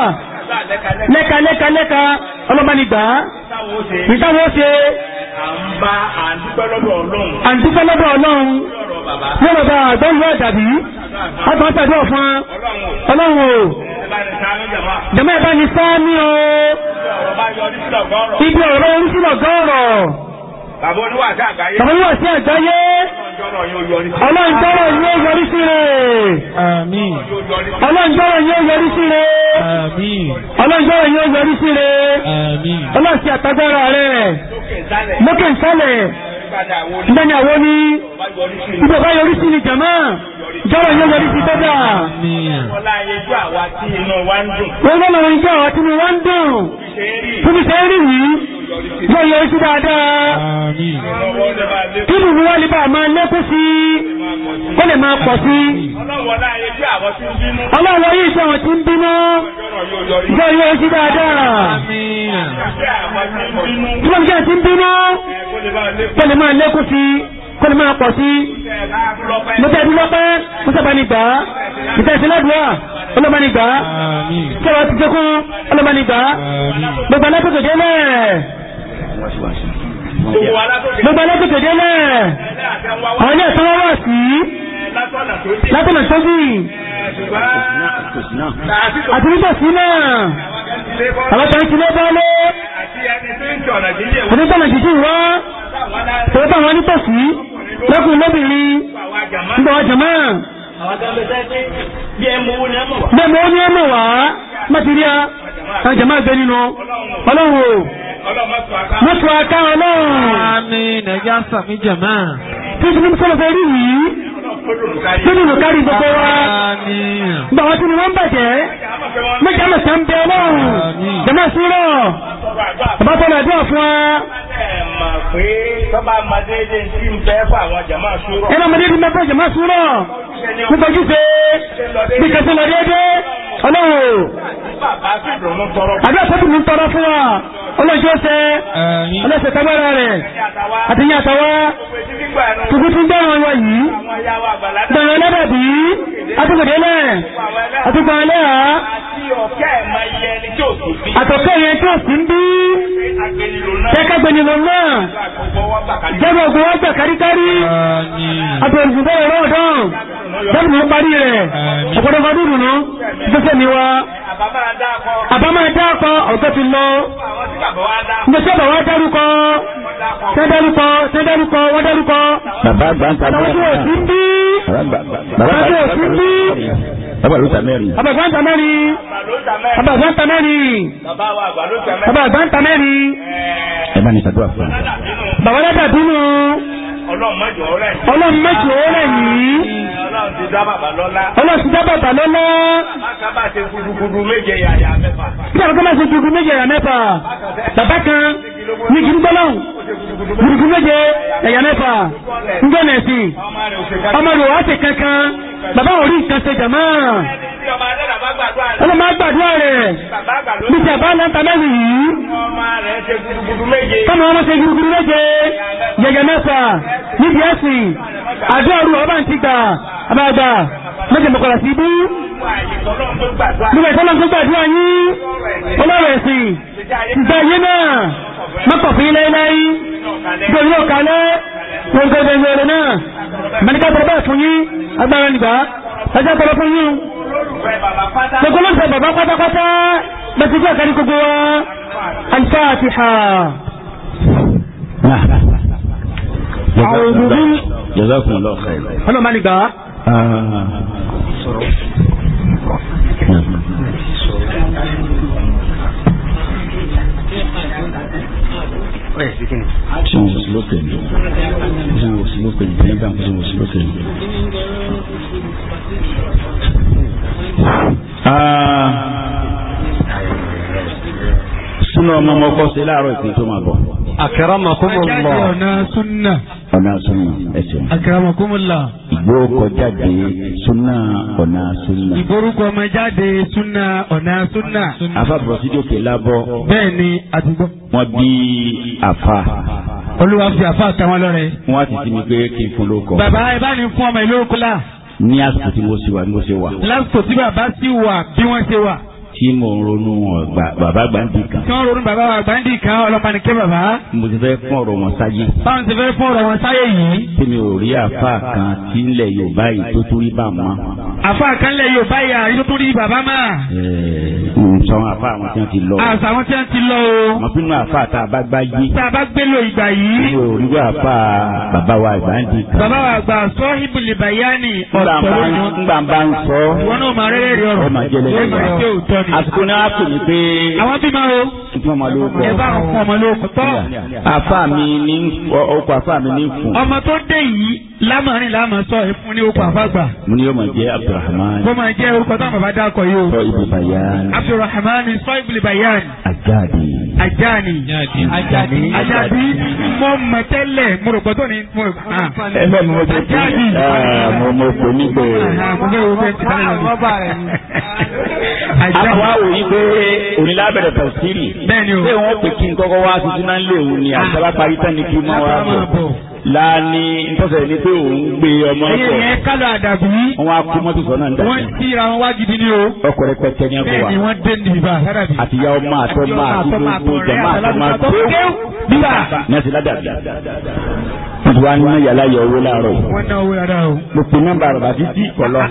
[SPEAKER 3] lẹ́ka lẹ́ka lẹ́ka ọlọ́ba ni gbà á ìtawọ́ ṣe àǹdúpẹ́ lọ́dọ̀ ọlọ́run yóò lọ́ba àgbọ̀nù àjàbí àgbọ̀n ṣàdúrà fún ọlọ́run o jẹ́mọ́ ẹ̀ bá ní sáà ní o ibi ọ̀rọ̀ orísìlọ̀gọ́rọ̀. Bàbá oníwà sí àgbáyé. Bàbá oníwà sí àgbáyé. Ọlọ́run tọ́rọ̀ yóò yọrí sí rẹ̀. Àmín. Ọlọ́run tọ́rọ̀ yóò yọrí sí rẹ̀. Àmín. Ọlọ́run tọ́rọ̀ yóò yọrí sí rẹ̀. Àmín. Ọlọ́run sí àtagbára rẹ̀. Mókè ń sálẹ̀ ìdáni àwo ní ibi ọba yọrí sí ni jàmá jọrọ yẹn yọrí sí bẹ́ẹ̀ dáa. ọlọ́run yẹjú àwa tí inú wa ń dùn.
[SPEAKER 4] fún ṣe é rí yìí yóò yọ ojú dáadáa kí nínú wá
[SPEAKER 3] lè bá máa lékún sí kó lè máa pọ̀ sí. ọlọ́wọ́ yìí sí àwọn tí ń bínú yóò yọ ojú dáadáa kí wọ́n jẹ́ tí ń bínú kó lè máa lékún sí kó lè máa pọ̀ sí mo tẹ́ ìdúlọ́pẹ́ mo sábà ní gbà á ìtẹ́ ìsinlẹ́dùá ọlọ́ba ní gbà á tí ọba ti jẹ́kún ọlọ́ba ní gbà á gbogbo alákòókò délẹ̀
[SPEAKER 4] gbogbo alákòókò délẹ̀ àwọn ilé ẹ̀sán wá wà sí látọ̀nà sọ́jì
[SPEAKER 3] àti nígbà sí náà àwọn kan ti lé bá lé àti ẹni tó ń jọ̀nà jíjìn wá tòótọ́ àwọn onítòsí lọ́kùnrin lóbìnrin nígbà wọn jẹ̀mọ́. bẹ́ẹ̀ mowó ni ẹ mọ̀ wá mẹ́tìríà àwọn jẹ̀mọ́ àgbẹ̀ nínú ọlọ́run o mọ́tò aká ọlọ́run. àmín nàìjíríà sàmì jẹ̀mọ́. tí ìdílé mi sọ̀rọ̀ fẹ́ rí yìí nínú kárí gbogbo wa gbàwá tí ni wọ́n bàjẹ́ méjì àmọ̀sẹ̀ ń bẹ ọlọ́run jẹ́mọ̀ sí rọ̀ bàbá tó lọ dúró fún wa. ẹnà ọmọdé ti mẹ́fẹ́ jẹ́mọ̀ ọlọ́run àdúrà sẹ́kù mi ń tọrọ fún wa ọlọ́jọ́ ṣe ọlọ́ṣẹ̀ tagbára rẹ̀ àti ní àtàwá tuntun tún gbọ́ràn wa yìí gbọ̀ràn ọlọ́dàbí àtúgbòdélẹ̀ àtúgbọ̀nlẹ́ à àtọ̀kẹ́ yẹn tí ò sí ń bí tẹ́kẹ́gbẹ̀nìlò náà jẹ́bọ̀ ògùn wọ́n gbà káríkárí àtọ̀rùsùn bẹ́ẹ̀ rọ̀ dán jẹ́bù mọ́ parí rẹ̀ ọ̀pọ̀lọpọ̀ dúdú náà ni wọ́n àbámá dákọ ọ̀gá ti lọ nígbàtí ọ̀bà wá dárúkọ tẹ́dárúkọ tẹ́dárúkọ wọ́n dárúkọ bàbá àgbà ń ta mẹ́rin bàbá àgbà ń ta Bàbá ló ta mẹ́rin. Bàbá àgbà ń ta mẹ́rin. Bàbá àgbà ń ta mẹ́rin. Bàbá àgbà ń ta mẹ́rin. Ẹ bá ní ṣàdúrà fún un. Bàbá lẹ́dà bínú ọlọ́run mẹ́jọ ọ̀rẹ́ yìí. ọlọ́run mẹ́jọ ọ̀rẹ́ yìí. ọlọ́run ti dá bàbá lọ́lá. ọlọ́run ti dá bàbá lọ́lá. bákan bá ṣe gudugudu méje yàyà mẹ́fà. bákan bá ṣe gudugudu méje yàyà mẹ́fà. kan ní kí n gbọ́lọ́hùn burúkú méje ẹ̀yà mẹ́fà ń gbọ́nà ẹ̀sìn ọmọ rẹ̀ wá sí kankan bàbá òrí nǹkan ṣe jàmá ọmọ máa gbàdúrà rẹ̀ bí ti àbá náà tàbí yìí kọ́mọ ọmọ ṣe burúkú méje yẹ̀yà mẹ́fà níbi ẹ̀sìn àdúrà rú ọba ti gbà abáàgbà méje mọ̀kọ̀lá sí ibú nígbà ìtọ́lọ́ tó gbàdúrà yín ọlọ́rọ̀ ẹ̀sìn ìgbà yín náà mọ́kọ̀ fún ilé láyé gbòòrò yóò kalẹ̀
[SPEAKER 4] wọn kọ́ gbẹ̀gbẹ̀ rẹ̀ náà mẹ́ríkà tọrọ bẹ́ẹ̀ fún
[SPEAKER 3] yín agbára nìgbà ẹjẹ́ tọrọ fún yín gbogbo olóòfẹ́ bàbá pátápátá bẹ́tí jẹ́ àkárí gbogbo wa alifáàtìhà. jazakumullahu khairan. ọlọ́mọ nìgbà. ṣé wọn wò sí lókè ni ṣé wọn wò sí lókè ni nígbà ṣé wọn wò sí lókè ni.
[SPEAKER 5] súnà ọmọ ọmọ kọ́ sí láàárọ̀ ìpín tó máa bọ̀. àkàrà
[SPEAKER 3] màkúmọ̀ mọ̀ ọ̀nà sunna ẹsẹ̀. akaramakumula. ìgbó kọjáde sunna ọ̀nà sunna. ìforúkọ ọmọ jáde sunna ọ̀nà sunna. afa bọ̀sídò kẹlá bọ. bẹ́ẹ̀ni àdúgbò. wọn bí afa. olúwa fi afa táwọn lọ́rẹ. wọn ti ti mi pé kí n fún lóko. bàbá ẹ bá ní fún ọmọ ìlú kúlà. ní àsìkò tí mo sì wà ní mo ṣe wà. lásìkò tí bàbá sì wà bí wọ́n ṣe wà tí mo ronú bàbá gbàǹdì kan. tí wọ́n ronú bàbá gbàǹdì kan ọlọ́pàá ni ké bàbá. mo ti fẹ́ fún ọ̀rọ̀ wọn sáyé. báwọn ti fẹ́ fún ọ̀rọ̀ wọn sáyé yìí. tí mi ò rí àfa kan tí ń lẹ̀ Yorùbá yìí tó tún rí bà mọ́. àfa kan lẹ̀ Yorùbá yìí àrí tó tún rí bàbá mọ́. ẹẹ sọ̀rọ̀ àfa àwọn tí wọ́n ti lọ. àtàwọn tí wọ́n ti lọ o. mo bínú àfa tá a bá gbá yé. tá a bá gbé lọ ìgbà yìí. mo rí ni. àsìkò ni a pè mí pé. àwọn bí máa o. ìtumọ̀ máa ló kọ. ẹ bá àwọn fún ọmọ ló kọ tọ́. àfa mi ní ọkọ̀ àfa mi ní fún. ọmọ tó dé yìí lámọ̀rin lámọ̀ sọ ẹ fún ní ọkọ̀ àfa gbà. mo ní ọmọ jẹ abdulrahman. kó máa jẹ orúkọ táwọn bàbá dákọ yìí o. sọ ibi bayan. abdulrahman sọ ibi bayan. ajadi. ajani. ajadi. ajadi. mo mọ tẹ́lẹ̀ mo rò gbọ́dọ̀ ní. ẹ bẹ́ẹ̀ ni mo jẹ pé ah, mo mo kò ní gbòòrò. mo fẹ́ wo
[SPEAKER 4] ni. Ah, wá wò
[SPEAKER 3] yí pé òní lábẹ̀rẹ̀ tẹ̀síìrì. bẹ́ẹ̀ ni o. ṣé wọ́n pè kí n kọ́kọ́ wá tuntun náà lé òun ni àtàláparí tán ni kí n mọ́ wa bọ̀ láàní ntọ́sẹ̀ ní pé òun gbé ọmọ ọkọ̀. ẹyẹ yẹn kálọ àdàbí. wọn á kó mọ́tò sọ́nà nígbà. wọ́n ti ra wọn wá gidi o. ọkọ̀ rẹ pẹ́ tẹ́ni ẹ̀kọ́ wa. bẹ́ẹ̀ni wọ́n dé ní ibà sádàbí. àtìyá ọmọ àtọ́ máa dúdú dùn jẹ́ máa tọ́ máa tó. bíbà nẹ́ẹ̀sì ládàbí. Ìlú wa ní yàrá yọ owó láàárọ̀. Wọ́n ná owó yàrá o. Mo pe nọ́mbà ah, ah, bàbá títí kọ̀lọ́.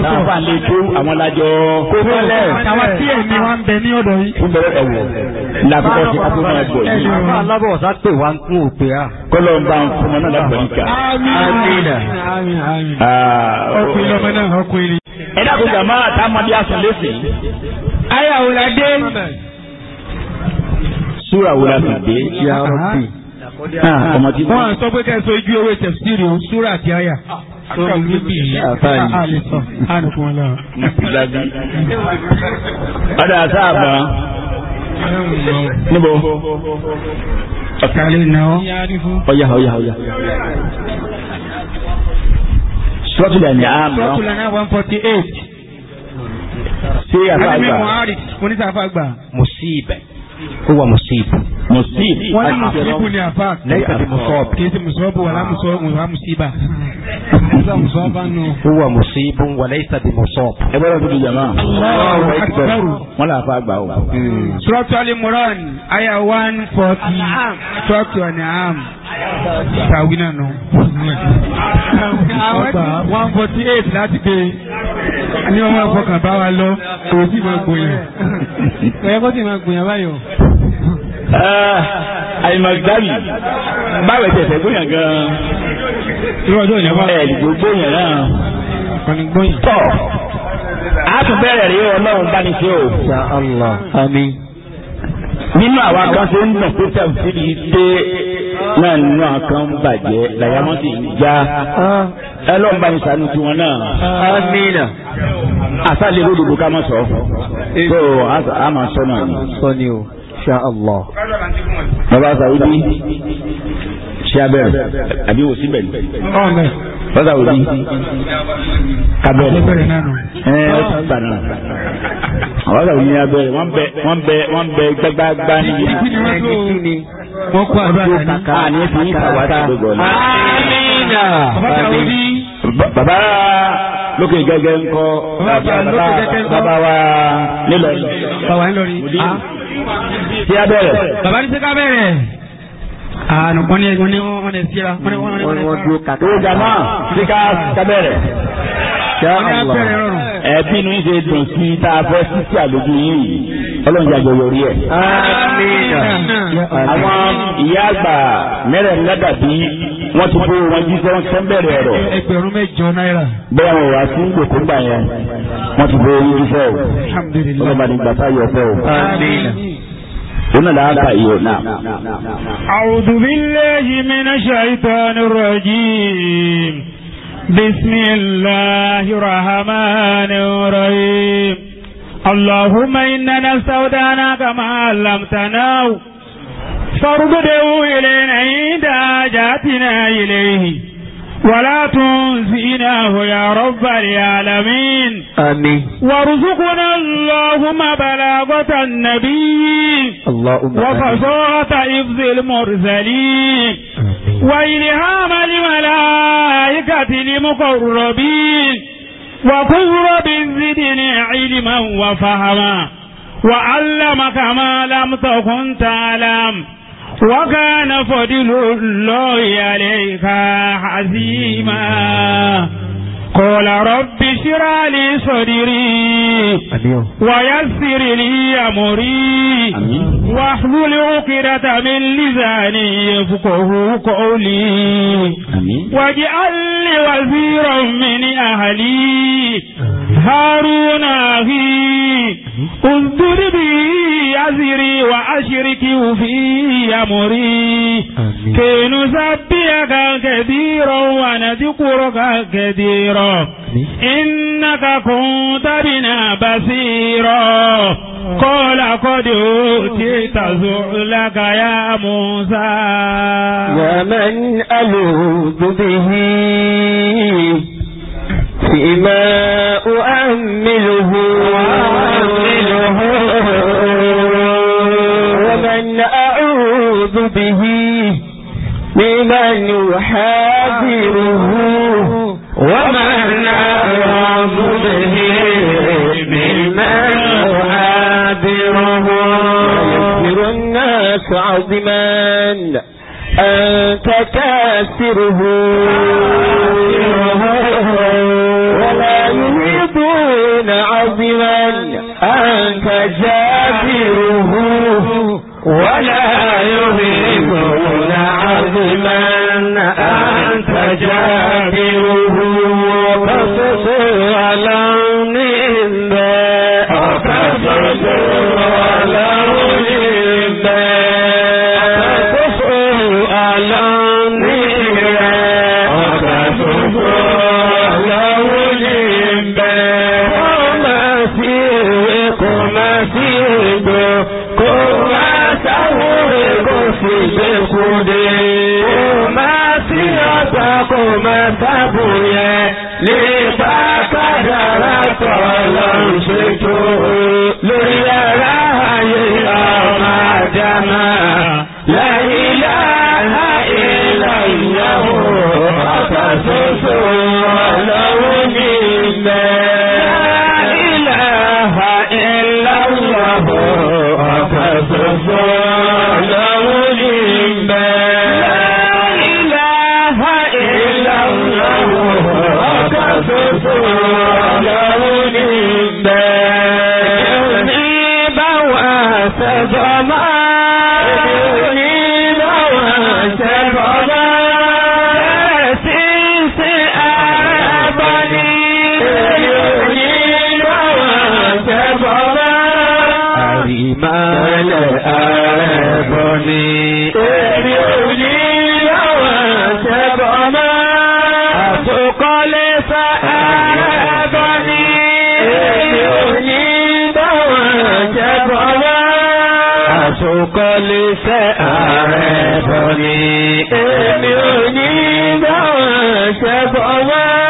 [SPEAKER 4] Ọlọ́run ìjọ lọ lè tó
[SPEAKER 3] àwọn lajọ. kó tẹ́lẹ̀ àwọn tí èmi wá ń bẹ ní ọ̀dọ̀ yìí. fún bẹ́ẹ̀ ẹ̀wọ̀ sí ká máa gbọ̀ yìí. àwọn alábọ̀ọ̀sá pè wá ń kún òpè á. kọ́lọ̀ ń bá ń fún ọmọ náà lábàríkà. àmín àmín àmín. ọkùnrin lọmọ náà ọkùnrin. ẹ dákun jàmbá àtàmọ́dé aṣọ lẹ́sìn. ayé àwòrán dé. súrà àwòrán ti dé. Ah, ọmọ ti dé. wọ́n sọ pé kẹ́sọ̀ ojú ewé tẹ̀síìrì òun súrà àti àyà sórí níbi àlesọ àrùkù wọn lọ. ọ̀dà sáàbà níbo ọ̀kàlẹ̀ náà ọ̀yà ọ̀yà ọ̀yà. sọ́tùlẹ̀ ní àmì náà. sọ́tùlẹ̀ náà one forty eight. ṣé àfàgbà. mo ní sàfàgbà. musib. ó wà musib musib. wọ́n ní musibu ni afa. lẹ́yìn àti musọ́ọ̀bù. kì í ti musọ́ọ̀bù wàlá musọ́ọ̀bù wàlá musiba. ẹ̀sà musọ́ọ̀bù nù. wúwa musibu wàlá ìsà ti musọ́ọ̀bù. ẹ bọ́dọ̀ tuntun jama. Allahu Akbar. wọ́n làá fa gbà o. Hmm. suratul Imran aya one forty suratul An'am tàwí náà nù. àwọn one forty eight láti gbé ní ọmọ ìfọkànbá wa lọ kò sí máa gbòyàn. kò yẹ kó sì máa gbòyàn báyọ̀
[SPEAKER 4] àìmọ̀gbámi
[SPEAKER 3] báwẹ̀ tẹ̀sẹ̀ gbóyàn gan-an. ìrọ̀jọ́ ìyẹn wá. ẹ̀ẹ́dìgbò gbóyàn náà. ọ̀nì gbóyàn. tọ́ a tún bẹ̀rẹ̀ rí ọlọ́run bá ní ṣe o. ya Allah àmín. nínú àwa kan ṣe ń nà pé tàbí dé náà nínú àwọn kan ń bàjẹ́ làyà wọn sì ń já. ẹ ah. lọ́n bá ní ṣàánú tiwọn náà. àmín àṣà lè lódodo ká má sọ. tó eh. a máa sọ náà ni. sọ ni o insha Allah. bàbá sàwùdí ṣé abẹ́rẹ́ àbí wò síbẹ̀ ni. bàbá sàwùdí kábẹ́rẹ́ ẹ̀ ọ́ sàdà. bàbá sàwùdí ní abẹ́rẹ́ wọ́n bẹ wọ́n bẹ wọ́n bẹ gbágbágbá níbi.
[SPEAKER 4] wọ́n kó àdúrà kàkà
[SPEAKER 3] àní fi ń sàwádà gbogbo náà. amiina. bàbá sàwùdí. bàbá lókè gẹ́gẹ́ ńkọ́ bàbá wa nílọrin. bàbá nílọrin
[SPEAKER 4] kí a bẹ̀rẹ̀. bàbá
[SPEAKER 3] ní sẹ́ká bẹ̀rẹ̀. àánú wọn ni wọn ni wọn ni síra wọn ni wọn ni wọn ni síra. o jama sika sika bẹ̀rẹ̀. ẹbí nu ṣe dùn sí tá a fẹ́ sísí àlójú yìí ọlọ́run jàjọ yọrí ẹ̀. àwọn ìyá àgbà mẹ́rẹ̀ẹ́dàbí wọ́n ti kó wọn jíṣẹ́ wọn tẹ́ bẹ̀rẹ̀ ọ̀rọ̀. ẹgbẹ̀rún mẹ́jọ náírà. bẹ́ẹ̀ wọ́n wá sí gbòkó gbà yẹn wọ́n ti kó wọn jíṣẹ́ o. gbàtà yọ ọ̀fẹ́ o. هنا لا تأيو نعم أعوذ بالله من الشيطان الرجيم بسم الله الرحمن الرحيم اللهم إننا استودعناك ما علمتنا فارجعوا إلينا عند آجاتنا إليه ولا تنزيناه يا رب العالمين آمين وارزقنا اللهم بلاغة النبي اللهم وفصاحة حفظ المرسلين وإلهام الملائكة المقربين وقر بالزدن علما وفهما وعلمك ما لم تكن تعلم وكان فضل الله عليك عظيما قال رب شرع لي صدري ويسر لي امري واحلل عقدة من لساني يفقه قولي واجعل لي وزيرا من اهلي هارون اخي اذكر بي ازري وأشرك في امري كي نسبيك كثيرا ونذكرك كثيرا نعم. إنك كنت بنا بصيرا آه. قال قد أوتيت زعلك يا موسى ومن ألوذ به فيما أؤمله وأؤمله ومن أعوذ به ممن يحاذره ومن أعرض به ممن أهابره ويذكر الناس عظما أن تكاسره ولا يريدون عظما أنت تجابره ولا يريدون عظما أنت تجابره لا kọ́lé sẹ́ ààrẹ bọ̀ ni. èmi ò ní bá wọn ṣẹ́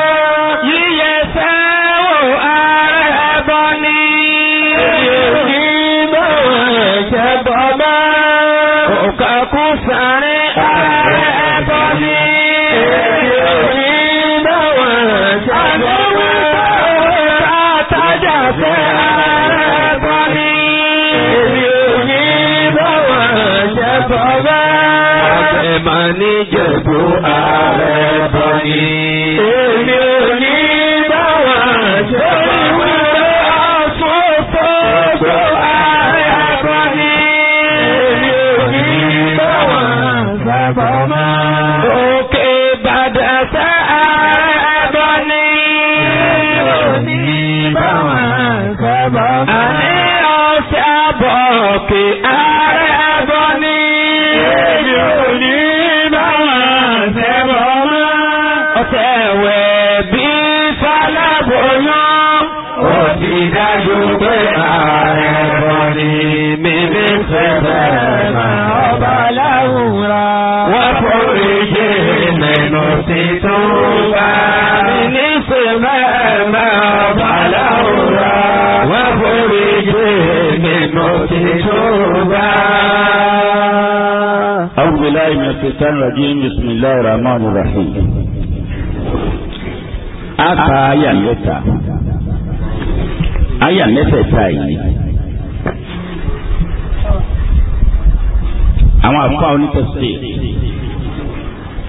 [SPEAKER 3] níjẹ̀bú ààrẹ bọ̀ ni. èmi ò ní bá wà jẹ́ ìwé àsopọ̀ gbọ́ ààrẹ bọ̀ ni. èmi ò ní bá wà sábà máa. òkè Ìbàdàn sá ààrẹ bọ̀ ni. èmi ò ní bá wà sábà máa. àní ọ̀sẹ̀ àbọ̀ òkè ààrẹ. أعوذ بالله من الشيطان الرجيم بسم الله الرحمن الرحيم Aka aya mẹ́ta, aya mẹ́tẹ̀ẹ̀ta yìí, àwọn àfáà onítọ̀sí,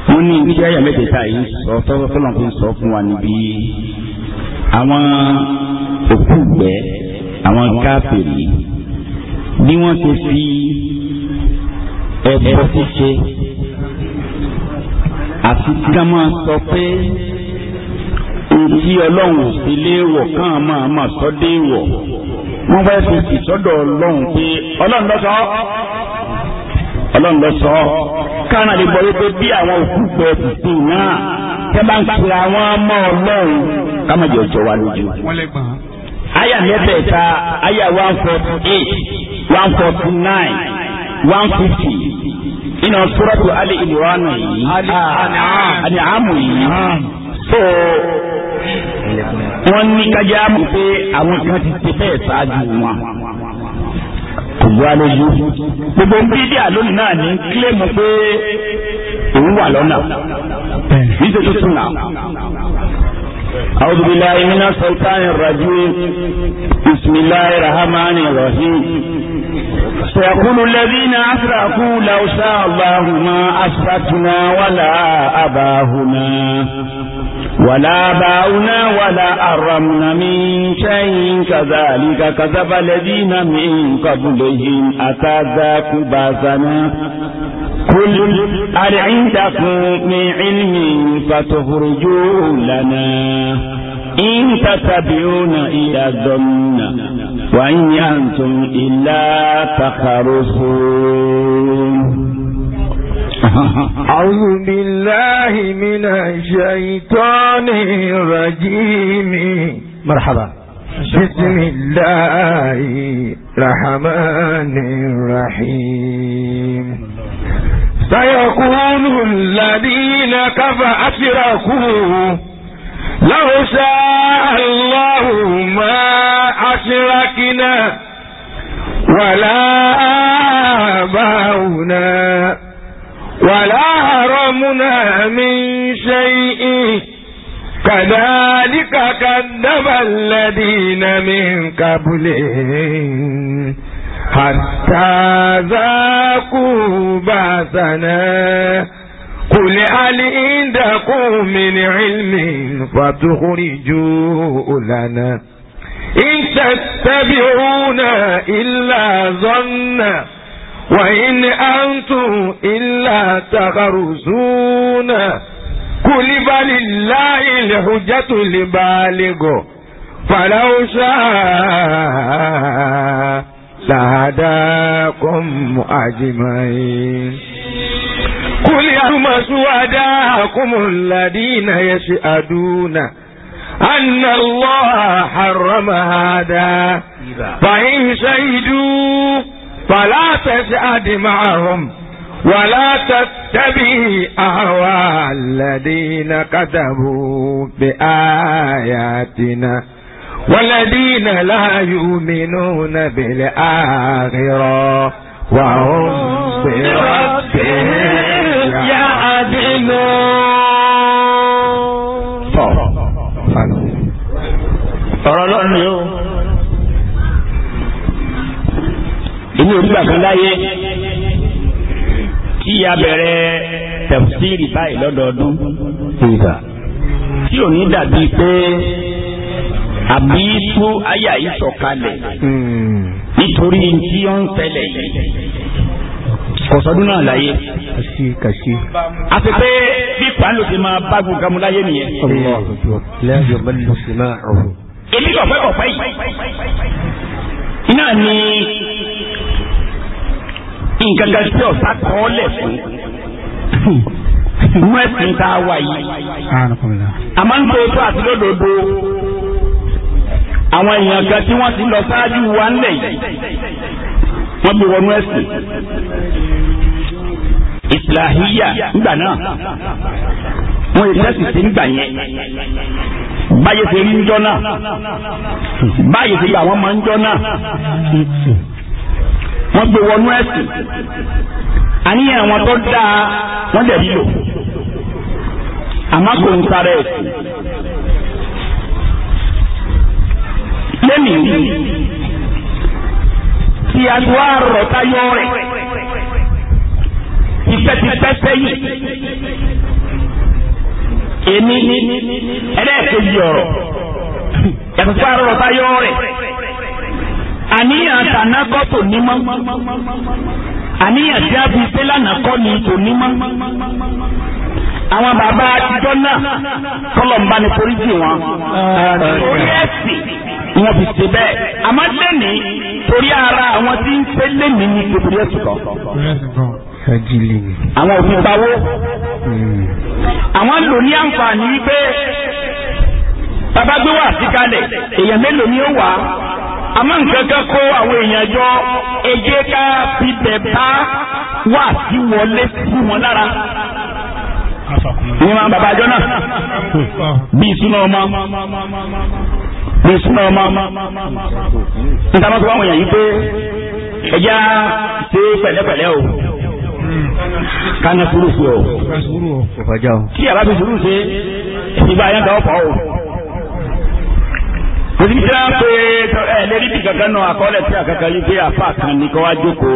[SPEAKER 3] wọ́n ní ní aya mẹ́tẹ̀ẹ̀ta yìí sọ tọ́lọ́kùn sọ fún wa níbi àwọn òkú gbẹ́ àwọn káfìrí bí wọ́n ti fi ẹ̀bọ ṣíṣe àti kí wọ́n máa sọ pé etí ọlọ́run ilé wọ̀ kàn máa máa sọ dé wọ̀ wọ́n fẹ́ fi ìsọdọ̀ ọlọ́run pé ọlọ́run lọ́sọ̀ ọlọ́run lọ́sọ̀ káwọn àlè gbọ́ wípé bí àwọn òkú gbọ́ tètè náà tẹ́ bá ń pè àwọn ọmọ ọlọ́run ká má jẹ́ lójú. àyà mẹ́tẹ̀ẹ̀ta aya one forty eight one forty nine one fifty iná sọ́rọ́tù alẹ́ ìmúránù yìí àní àmù yìí so wọ́n ní kájá mú pé àwọn kan ti ti bẹ́ẹ̀ ṣáájú wọn gbogbo wá lójú gbogbo lónìí náà ní kílẹ̀mù pé òun wà lọ́nà nítorí tuntun náà. أعوذ بالله من السلطان الرجيم بسم الله الرحمن الرحيم سيقول الذين أشركوا لو شاء الله ما أشركنا ولا أباهنا
[SPEAKER 4] ولا باؤنا ولا
[SPEAKER 3] أرمنا من شيء كذلك كذب الذين من قبلهم أتذاك باسنا قل أل عندكم من علم فتخرجوه لنا إن تتبعون إلى الظن وإن أنتم إلا تخرصون أعوذ بالله من الشيطان الرجيم مرحبا بسم الله الرحمن الرحيم فيقول الذين كفى أشركوا لو شاء الله ما أشركنا ولا آباؤنا ولا هرمنا من شيء كذلك كذب الذين من قبلهم حتى ذاقوا بعثنا قل هل عندكم من علم فتخرجوه لنا إن تتبعون إلا ظنا وإن أنتم إلا تخرسون قل بل الله الحجة لبالغ فلو شاء لهداكم أجمعين قل يوم سعداكم الذين يشهدون أن الله حرم هذا فإن شهدوا فلا تشهد معهم ولا تتبع أهواء الذين كذبوا بآياتنا والذين لا يؤمنون بالآخرة وهم بربهم يعدلون ọ̀rọ̀ lọ́rùn ni ó ìwé onígbà kan láyé tí a bẹ̀rẹ̀ tẹ̀síìrì báyìí lọ́dọọdún tí ò ní dàbí pé àbí tú àyà yìí sọ̀kalẹ̀ hmm.
[SPEAKER 4] nítorí tí
[SPEAKER 3] ó ń ṣẹlẹ̀ yìí kọ̀sọ́dún náà láyé. kàṣí kàṣí. àti pé bí pàálù ti máa bá gùn gamu láyé nìyẹn. lẹ́yìn ọ̀bẹ ló sì máa rọ̀. èmi kọ̀pẹ́ kọ̀pẹ́ yìí. iná ni nǹkan kan tí ọ̀sá kọ́ lẹ̀ fún inú ẹ̀sìn tá a wà yìí. a máa ń tó tó àti lódodo
[SPEAKER 4] àwọn èèyàn kan tí wọ́n ti
[SPEAKER 3] lọ ṣáájú wa ńlẹ̀ yìí wọ́n gbé wọnú ẹ̀sìn ìsìláhíyà ńgbà náà wọ́n yẹ tẹ́sì sí ńgbà yẹn báyìí ṣe rí ńjọ́ náà báyìí ṣe gbà wọ́n máa ń jọ́ náà wọ́n gbé wọnú ẹ̀sìn
[SPEAKER 4] àníyàn àwọn tó dáa
[SPEAKER 3] wọ́n dẹ̀ bí lò àmọ́ kò ń sára ẹ̀sìn. lẹ́nìí tí a ti wá rọ̀ táyọ̀ rẹ̀ tipẹ́tipẹ́ sẹ́yìn èmi ẹlẹ́ẹ̀kejì ọ̀rọ̀ yàtọ̀ sí àárọ̀ táyọ̀ rẹ̀ àníyàn tànákọ́ tò nímọ́ àníyàn tí a fi pé lánàá kọ́ ni tò nímọ́. àwọn bàbá àtijọ́ náà tọ́lọ̀ wọn torí ẹ̀sìn wọn fi ṣe bẹ́ẹ̀ àmọ́ lẹ́ni torí ara àwọn tí ń ṣe lẹ́ni ní kékeré ẹ̀sùn kan. àwọn òfin pawó àwọn lò ní àǹfààní wípé bàbá gbé wà síkalẹ̀ èèyàn mélòó ni ó wà àmọ́ nǹkan kan kó ìyẹn máa ń bàbá àjọ náà bí ìsúná ọmọ bí ìsúná ọmọ níta ma tó wáwọn èèyàn yìí pé ẹja ṣe pẹ̀lẹ́pẹ̀lẹ́ o kánà sùúrù sí o tí yàrá fi sùúrù ṣe ìgbà yẹn kà ó pọ̀ o kòsí tí wọ́n pe ẹ̀ lérí bí kankan náà àkọọ́lẹ̀ tí àkàkà yìí pé àfa kan ní kó wá jókòó.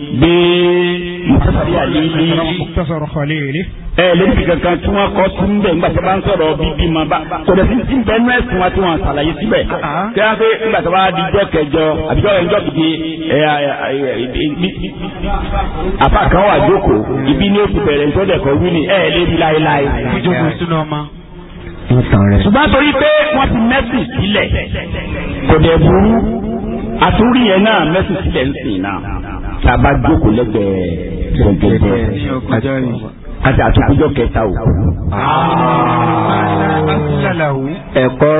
[SPEAKER 3] bí mùsàlì àlèlè ẹ lórí fi kankan tí wọn kọ sí nbẹ nígbà tí wọn bá ń sọ̀rọ̀ bíbí ma bá kòtò sí ti bẹ nú ẹsùn wa tí wọn sàlàyé síbẹ̀ ah, ah. kí wọn pé nígbà tí wọn di jọ kẹjọ àbí jọ kẹjọ kìdí ẹ àfa kan wà jókòó ibi ní oṣù bẹ̀rẹ̀ nítorí ẹ̀kọ́ wíìnì ẹ àtúrí yẹn náà mẹ́sì sílẹ̀ ń sìn náà taba jókòó lẹ́gbẹ̀ẹ́ gẹgẹdẹ àti àtúkújọ kẹta o. ẹ̀kọ́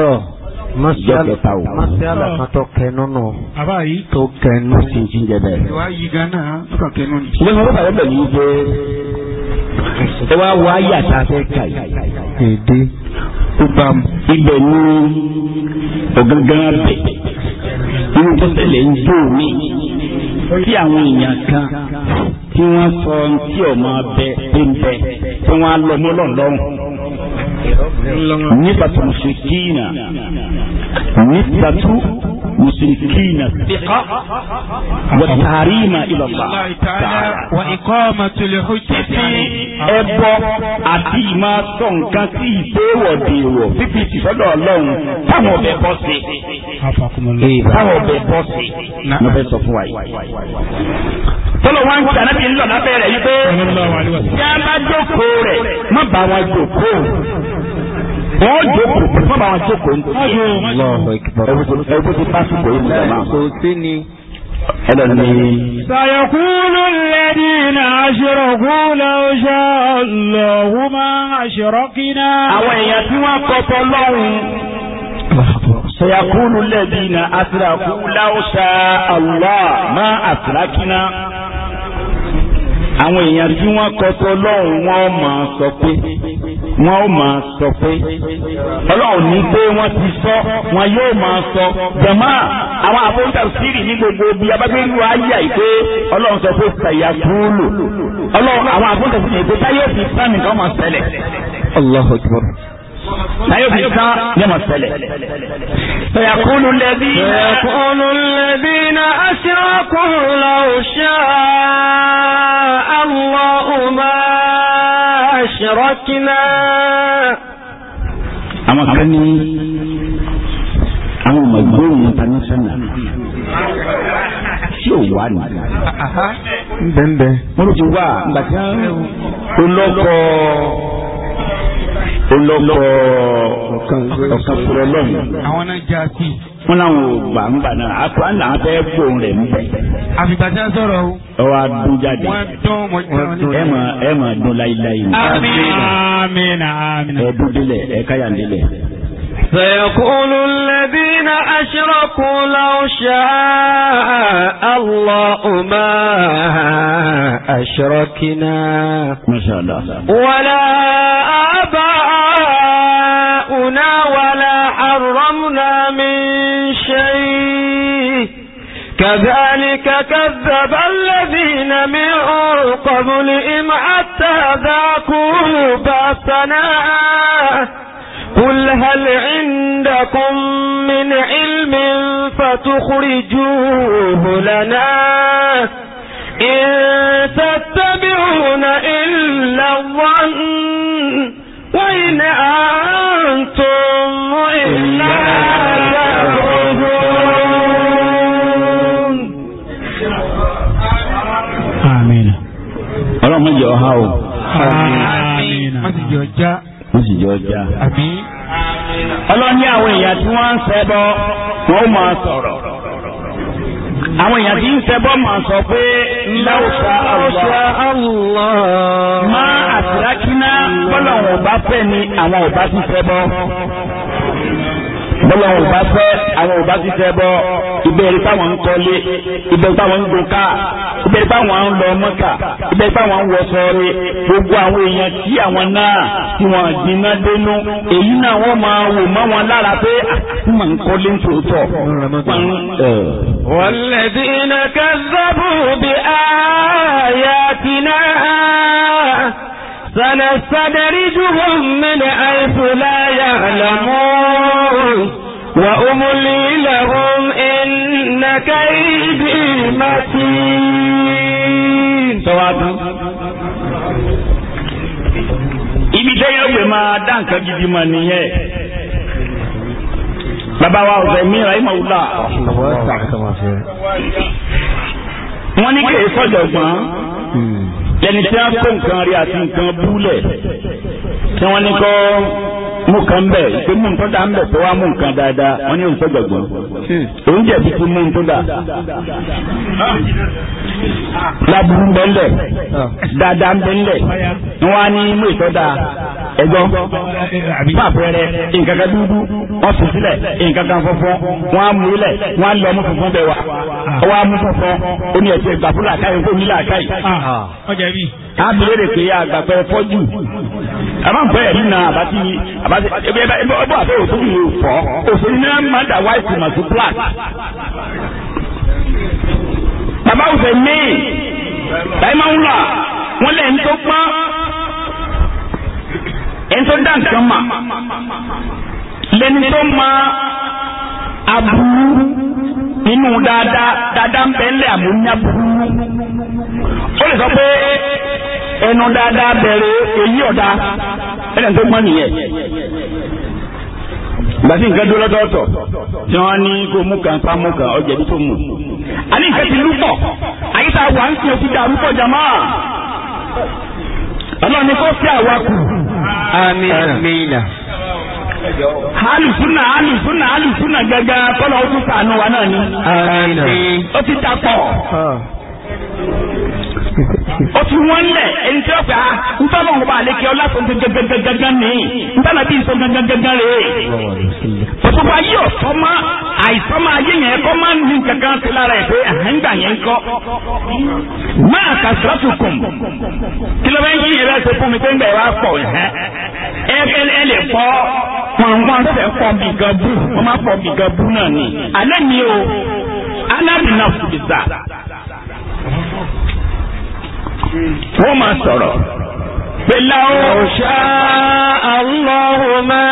[SPEAKER 3] rọ̀ jọ kẹta o. masala kan tó kẹnu nù. àbá yìí. tó kẹnu. ó sì ń jíjẹ bẹ́ẹ̀. ìwà yìí gánà ó kà kẹnu ni. ìwé ìwé bàbá bẹ̀rẹ̀ yìí dé. ẹ wá wá yàtá fẹ́ kà yìí. èdè. ó bá ibẹ̀ ní ọ̀gángan bẹ̀. inú tó tẹ̀lé ń dùn tí àwọn èèyàn kan tí wọ́n sọ tí ọmọ bẹ tó ń bẹ tí wọ́n á lọ mọ́lọ́ lọ́rùn nípa tòmùsùn kíìnà nisbatu musirikina siqa wa taarima ila Allah ta'ala. wa iqamatu al-hujjati. ẹbọ àti ìmọ̀ sọ̀nkan sí ìdéwọ̀déwọ̀ fífi tìsọ́dọ̀ ọlọ́run táwọn ọbẹ̀ bọ́ sí. táwọn ọbẹ̀ bọ́ mo wa tọ́lọ̀ wá ń lábẹ́ rẹ̀ yí pé. a bá jókòó rẹ̀ má bá jókòó. wọ́n jókòó pẹ̀lú àwọn jókòó ní. ẹ̀rù ti pásítọ̀ yìí mú jàmá. kò sí ni. ألني سيقول الذين أشركوا لو شاء الله ما أشركنا أو يتوقف الله سيقول الذين أشركوا لو شاء الله ما أشركنا àwọn èèyàn tí wọ́n kọtọ lọ́hùn wọn máa sọ pé máa sọ pé ọlọ́run ní pé wọ́n ti sọ wọn yóò máa sọ jàmá àwọn àfọwọ́sà sírì ní gbogbo bí abágbéru ayé àìpé ọlọ́run sọ pé sàyà ọlọ́run àwọn àfọwọ́sà sírì ní siri táyé fi sá nìkan máa ṣẹlẹ̀. الله ما أشركنا àwọn kan ní àwọn ọmọ ìgbóhùn international tí ò wá ní. bẹ́ẹ̀ mo ti wá olóko olóko ọ̀kan fúrẹ́ lọ́wọ́. àwọn náà já sí i. wọn làwọn ò ń àpò àná dún ẹ ẹ amina amina. ẹ ẹ káyà سيقول الذين أشركوا لو شاء الله ما أشركنا ما شاء الله ولا كذلك كذب الذين من قبلهم حتى ذاقوا بأسنا قل هل عندكم من علم فتخرجوه لنا إن تتبعون إلا الظن وإن أنتم إلا ọlọ́run mọ̀jẹ̀ ọ̀há o. wọ́n sì jẹ́ ọjà. wọ́n sì jẹ́ ọjà. ọlọ́run ní àwọn èèyàn tí wọ́n ń ṣẹbọ wọ́n máa sọ̀rọ̀. àwọn èèyàn tí ń ṣẹbọ máa sọ pé láwùsá Allah má àtìrákínà bọ́lọ̀wọ̀n bá fẹ́ ni àwọn ò bá ti ṣẹbọ. bọ́lọ̀wọ̀n bá fẹ́ àwọn ò bá ti ṣẹbọ ibẹ̀ rí táwọn ń kọ́lé ibẹ̀ rí táwọn ń gun káà ibẹ̀ rí táwọn ń lọ mọ́kà ibẹ̀ rí táwọn ń wọ sọ́ọ́rẹ́ gbogbo àwọn èèyàn tí àwọn náà tí wọ́n dínà dénú èyí náà wọ́n máa wò mọ́ wọn lára pé àti ah, màá ń kọ́lé ń tòótọ́. والذين كذبوا بآياتنا سنستدرجهم من حيث لا يعلمون وأملي لهم كيد متين سواد ibi tẹ́yìn ọ̀gbẹ̀ máa dá nǹkan gidi mọ̀ nìyẹn bàbá wa ọ̀sẹ̀ mi ra ìmọ̀ wúlà wọ́n ní kèé sọ̀jọ̀gbọ́n hmm. lẹ́ni tí wọ́n kó nǹkan rí àti nǹkan búlẹ̀ tí wọ́n ní kọ́ mú kan bẹ̀ ìpè mú nǹkan dá ń bẹ̀ tó wá mú nǹkan dáadáa wọ́n ní òǹtọ́ gbàgbọ́n òun jẹ̀bi ti mú nǹkan dá. lábúrú ń bẹ́ ńlẹ̀ ah. dáadáa ń bẹ́ ńlẹ̀ wọ́n á ní mú ìtọ́ dáa. ẹgbọ́ fún àpẹẹrẹ nǹkan kan dúdú wọ́n fi sílẹ̀ nǹkan kan fọ́fọ́ wọ́n á onye ilẹ̀ wọ́n á lọ mú funfun bẹ̀ wá wọ́n á mú fún a béèrè pé fọ́jú àbátí àbátí ẹgbẹ́ fọ́ ẹni tó dá nǹkan mà dada dada máa aburú nínú ó lè sọ pé ẹnu dáadáa bẹ̀rẹ̀ èyí ọ̀dà ẹni tó gbọ́n nìyẹn gbàtí nǹkan dúró lọ́tọ̀ọ̀tọ̀ tí wọ́n ní kó mú kan sá mú kan ọjà ibi tó mú. a ní nǹkan ti àyíká ń sin òkúta ọlọ́run ni amina. alùsùnà alùsùnà alùsùnà gẹ́gẹ́ kọ́lọ̀ ó tún sànù wa náà ni. ó ti dà pọ̀ o ti wọn lẹ ẹni tí ó gbà ń tọ́ náà wọ́n àlékè ọlá tó ń tó gẹ́gẹ́gẹ́gẹ́ ní ń tọ́ náà bí ń tó gẹ́gẹ́gẹ́gẹ́ rè é. òṣùpá yìí ò sọ mọ́ àìsàn máa yé yẹn kọ́ máa ń ní kankan sí lára ẹ̀ pé àhẹ́ngbà yẹn kọ́. máa kà sọ́tù kùn kí ló bẹ́ ń yí ìrẹ́ ṣe fún mi pé ń bẹ̀ wá pọ̀ ẹ̀ ẹ lè pọ́ pọ̀npọ̀n sẹ́ pọ̀ wọ́n máa sọ̀rọ̀. Bẹ́lá o. Ọ̀ṣà Allahu ma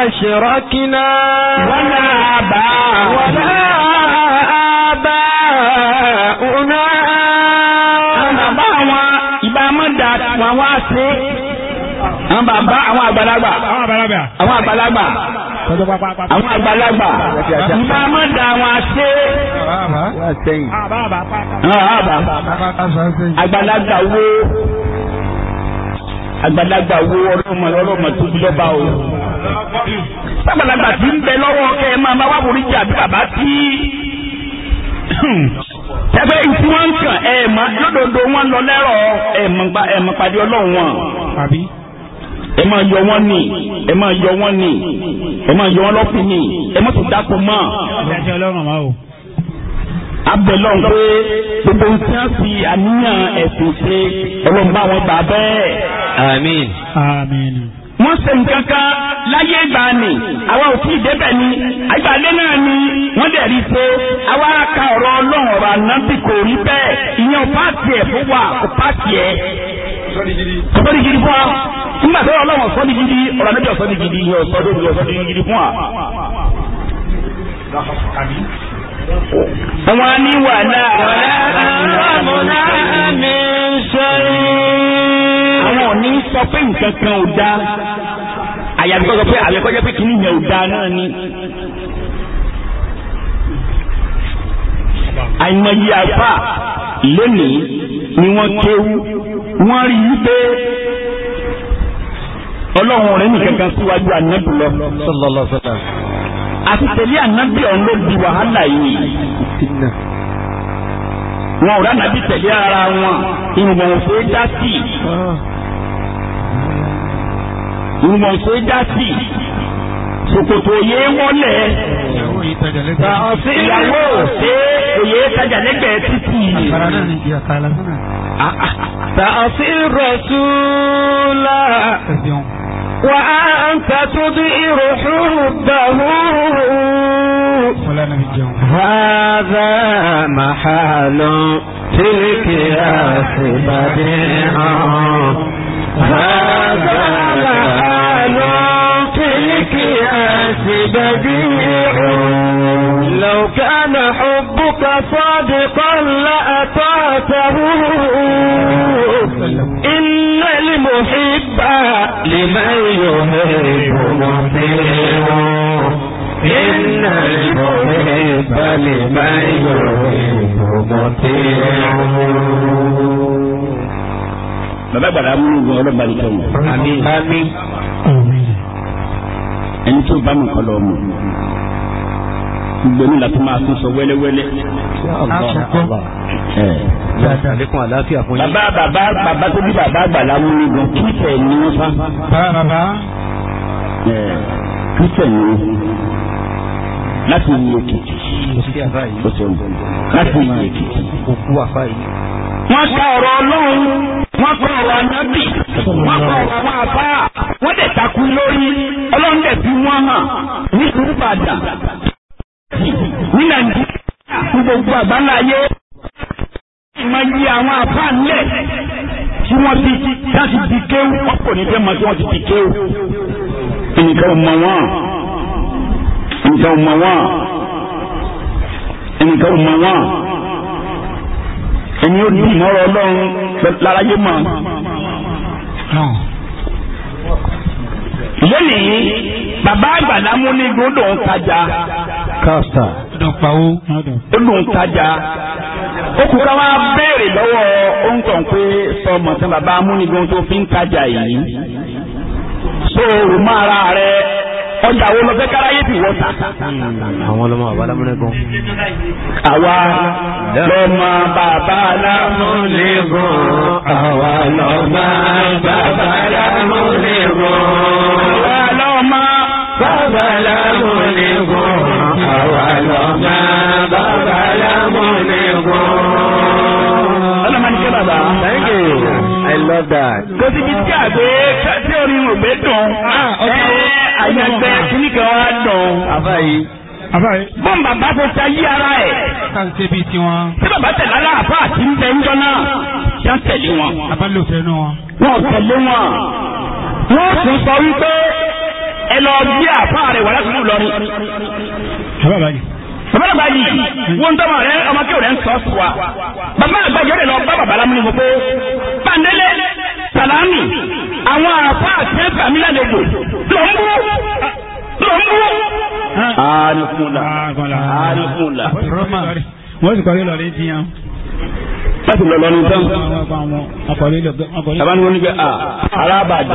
[SPEAKER 3] ashrakina. Wala aba. Wala aba una. Àwọn bàbá àwọn ìbá mọ́dà wọn wá sí. Àwọn bàbá àwọn àgbàlagbà. Àwọn àgbàlagbà. Àwọn àgbàlagbà àwọn àgbàlagbà ìmọ̀ amọ̀dà wọn ṣe. àgbàlagbà wo àgbàlagbà wo ọlọ́mọ ọlọ́mọ tó bí lọ́ba o. sábàlagbà tí ń bẹ lọ́wọ́ kẹ́ ẹ máa bá wà wòrí jà bí bàbá tí tẹ́fẹ́ ìtú wọn kàn ẹ̀ mọ́ lódodo wọn lọ lẹ́rọ̀ ẹ̀ mọ́ pàdé ọlọ́run wọn ẹ máa yọ wọ́n nì ẹ máa yọ wọ́n nì ẹ máa yọ wọ́n lọ́pìn nì ẹ má tún dáko mọ́. abẹ́lọ́n pé gbogbo tí a fi àníyàn ẹ̀sìn ṣe ẹ̀rọ ń bá wọn gbà bẹ́ẹ̀. àmín. àmín. wọ́n ṣe nǹkan kan láyé ìgbà ni àwa ò tí ì débẹ̀ ni àgbàlẹ́ náà ni wọ́n dẹ̀ rí i pé àwa ka ọ̀rọ̀ ọlọ́run ọ̀rọ̀ àná tí kò rí bẹ́ẹ̀ ìyẹn ò pààtì fún wa kò pààtì sọ́dí gidi fún wa nígbà tó ọlọ́wọ́ sọ́dí gidi ọ̀rọ̀ níbi ọ̀sọ́dí gidi yẹ ọ̀sọ́dí gidi ọ̀sọ́dí gidi fún wa. wọ́n ní náà. ọ̀làmúná ní sọ pé nǹkan kan ò dáa àyàfi kọ́kọ́ pé àyàkọ́jọ́ pé kìíní yẹn ò dáa náà ni. àìmọye àfa lónìí ni wọ́n kéwú
[SPEAKER 4] wọ́n rí i pé
[SPEAKER 3] ọlọ́run rẹ̀ nìkan kan síwájú ànábì lọ. sallallahu alaihi wasallam. àti tẹ̀lé ànábì ọ̀hún ló di wàhálà yìí. wọn ò ránàbí tẹ̀lé ara wọn ìrùbọ̀n òfé dá sí ìrùbọ̀n òfé dá sí i. ṣòkòtò yé
[SPEAKER 4] ìyàwó
[SPEAKER 3] òsè òye tajà lẹ́gbẹ̀ẹ́ títì. Tààsí rọ̀súlà wà á ń tàtú bí ìròṣù dàhú. Hàdà màhálù tìlìkì àṣìbàdì hàn. Hàdà الملك أنت بديع لو كان حبك صادقا لأطاعته إن المحب لمن يحب مطيع إن المحب لمن يحب مطيع Bàbá àgbàdá mú ìwọ̀n ọlọ́gbàdìkan. Àmín. Àmín ẹni tí ó bá nìkan lọ mọ̀ gbogbo ní láti máa tún sọ wẹ́lẹ́wẹ́lẹ́. bàbá bàbá bàbá tó bí bàbá àgbàlá mú mi gan kíkẹ́ ni wọ́n fa. bàbá. kíkẹ́ ni wọ́n láti yí èkìtì. láti yí èkìtì. wọ́n ka ọ̀rọ̀ ọlọ́run
[SPEAKER 4] wọ́n ka ọ̀rọ̀ anábì wọ́n ka ọ̀rọ̀ àwọn afá
[SPEAKER 3] wọ́n dẹ̀ takú lórí wọ́n hàn ní ìrúpadà ní nàìjíríà ní gbogbo àgbáláyé ìmọ̀ yí àwọn àfáà nílẹ̀ tí wọ́n ti láti di kéwù ọ̀pọ̀ ní fẹ́ẹ́ mọ̀ tí wọ́n ti di kéwù.
[SPEAKER 4] nǹkan mọ̀ wọ́n
[SPEAKER 3] nǹkan mọ̀ wọ́n nǹkan mọ̀ wọ́n ẹni ó ní ìmọ̀ràn ọlọ́run láráyé mọ̀. lónìí. bàbá àgbàlá mú ní igun tajà. káàsà. dọ̀pà o. tajà. ó kù ká máa béèrè lọ́wọ́ pé sọmọ bàbá amúnigun tó fi ń tajà yìí. so òru máa ra rẹ ọjà wo lọ fẹ́ káráyé ti wọ́ta. Hmm, àwọn ọlọmọ bàbá alámúnigun. àwa lọmọ bàbá alámúnigun. àwa lọmọ bàbá lámú ní gùn àwa lọ́mọ bàbá lámú ní thank you i love that. kò síbi tí àgbẹ̀ tí orin ò gbé dùn. Ah, àyàgbẹ́ kìnnìkan wa dùn. àbáyé bọ́n bàbá tó ta yí ara ẹ̀. ká ń ṣe bíi tiwọn. tí bàbá tẹ̀lé aláàbá àti ń bẹ ń jọ náà
[SPEAKER 4] yá tẹ̀lé wọn. bàbá
[SPEAKER 3] lò fẹ́ nu wọn. wọn tẹ̀lé wọn. wọ́n tún sọ wípé ẹ lọ bí àfa rẹ̀ wà lásìkò lọ́rin. bàbá àgbàjì wọn tọmọ rẹ ọmọ kí o rẹ ń sọ sí wa bàbá àgbàjì ó lè lọ bá bàbá lámúni mo pé pàǹdélé sàlámì àwọn àfa àti ẹ̀fà mi lálejò
[SPEAKER 4] lọ ń bú lọ ń bú.
[SPEAKER 3] àníkùnlá àníkùnlá. wọ́n sì kọ́lé lọ́rin ti yan láti lọ lọ ní tán. àbánuwọ́n ní A? àràbàdì.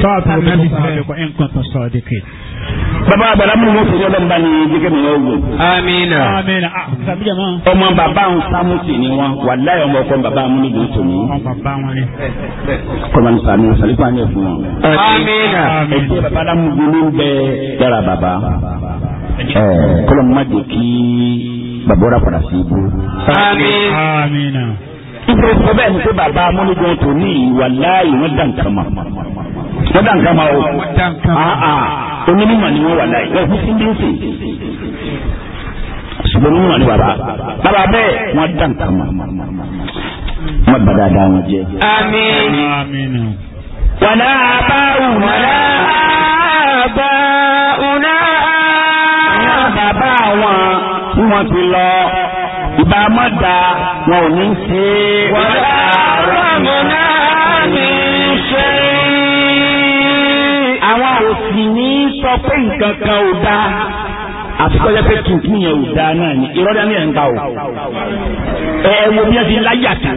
[SPEAKER 3] tọ́ọ̀tù nàbì bàbá àgbàlá mú wọn fòye ọlọ́mọba ní jẹ́gẹ́ mi yóò wò. amina. amina ah ọmọ bàbá àwọn sámúsì ni wọn wàláyé ọmọ ọkọ bàbá àwọn múlẹ̀ yóò tòun. ọmọ bàbá wọn ni. kọ́mọ ní sàmì sàlífà ní ẹ̀fún wọn. amina. ẹ̀jẹ̀ bàbá àlámú gbóló ń bẹ yàrá bàbá. kọ́lọ́ mọ́ de kí bàbá ọ̀rà padà sí ibú. amina. ibi bẹ́ẹ̀ ni pé bàbá amúnigun tòun ní ìwàláyé wọn dàn kàmá wọ́n dà nǹkan ma o aa ah, ah. onímọ̀ ni wọ́n wà láyé wọ́n fi síbi ń sìn ṣùgbọ́n onímọ̀ ni bàbá bàbá bẹ́ẹ̀ wọ́n dà nǹkan ma wọ́n bá dáadáa wọn jẹ́. àmín wàlá bá wàlá bá wàlá bàbá wọn tí wọ́n ti lọ ìbámu da wọn ò ní ṣe. wàlá bá wọn náà. ò sì ní sọ pé nǹkan kan ò dáa àfikọ́jọ́ pé tuntun yẹn ò dáa náà ni ìrọ́dá ní ẹ̀ ń gbà o. ẹ wo bí ẹ ti láyà tó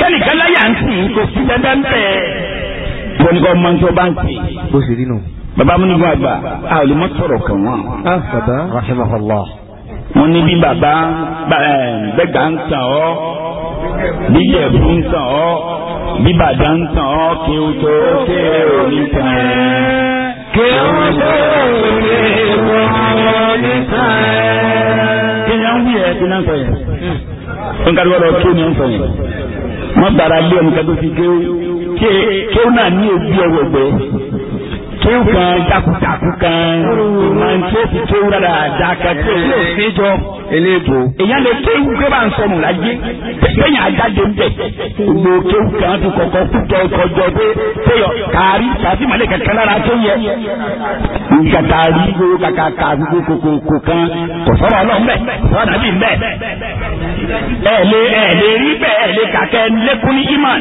[SPEAKER 3] kẹ́nìkan láyà ń sìn kò sí dandan bẹ́ẹ̀. wọ́n ní kò máa ń tó báńkì. bó ṣe rí nù. bàbá mi ní kó àgbà a ò lè mọ sọ̀rọ̀ kan wọn. a ah, bàbá rahimahullah. wọ́n ní bí bàbá bẹ́gbà ń tàn ọ́ bí jẹ̀bú ń tàn ọ́ bíbàdà ń tàn ọ́ kí o tó ṣe òní tàn ẹ́. kí o tó ṣe òní tàn ẹ́. kí ni a ń wí ẹ kí ni a ń sọ yẹn. ó ń kárí wọ́n lọ kí ni a ń sọ yẹn. wọ́n gbára lé ẹnìkan tó fi kéwú kéwú náà ní òbí ẹ̀wọ̀ gbẹ́ àdéhùn kan jákujàku kan ìmọ̀ntẹ́sì tó rárá àdàkà tí èyí ò fi jọ eléèbó. èyàn lè kéwù pé bá ń sọnù láyé kéèyàn ajáde ń bẹ̀ gbogbo kéwù kan ti kọ̀kọ́ kútọ kọjọ pé péyọ kàárí kàáfì màlẹ̀ kankan lára tó yẹ. nkàtà rí gbogbo kàkà kà gbogbo kòkòkò kan kò sọ̀rọ̀ ọlọ́run bẹ̀ sọ̀rọ̀ ẹ lè ẹ lè rí bẹ́ẹ̀ lè kàkẹ́ lékún ní imán.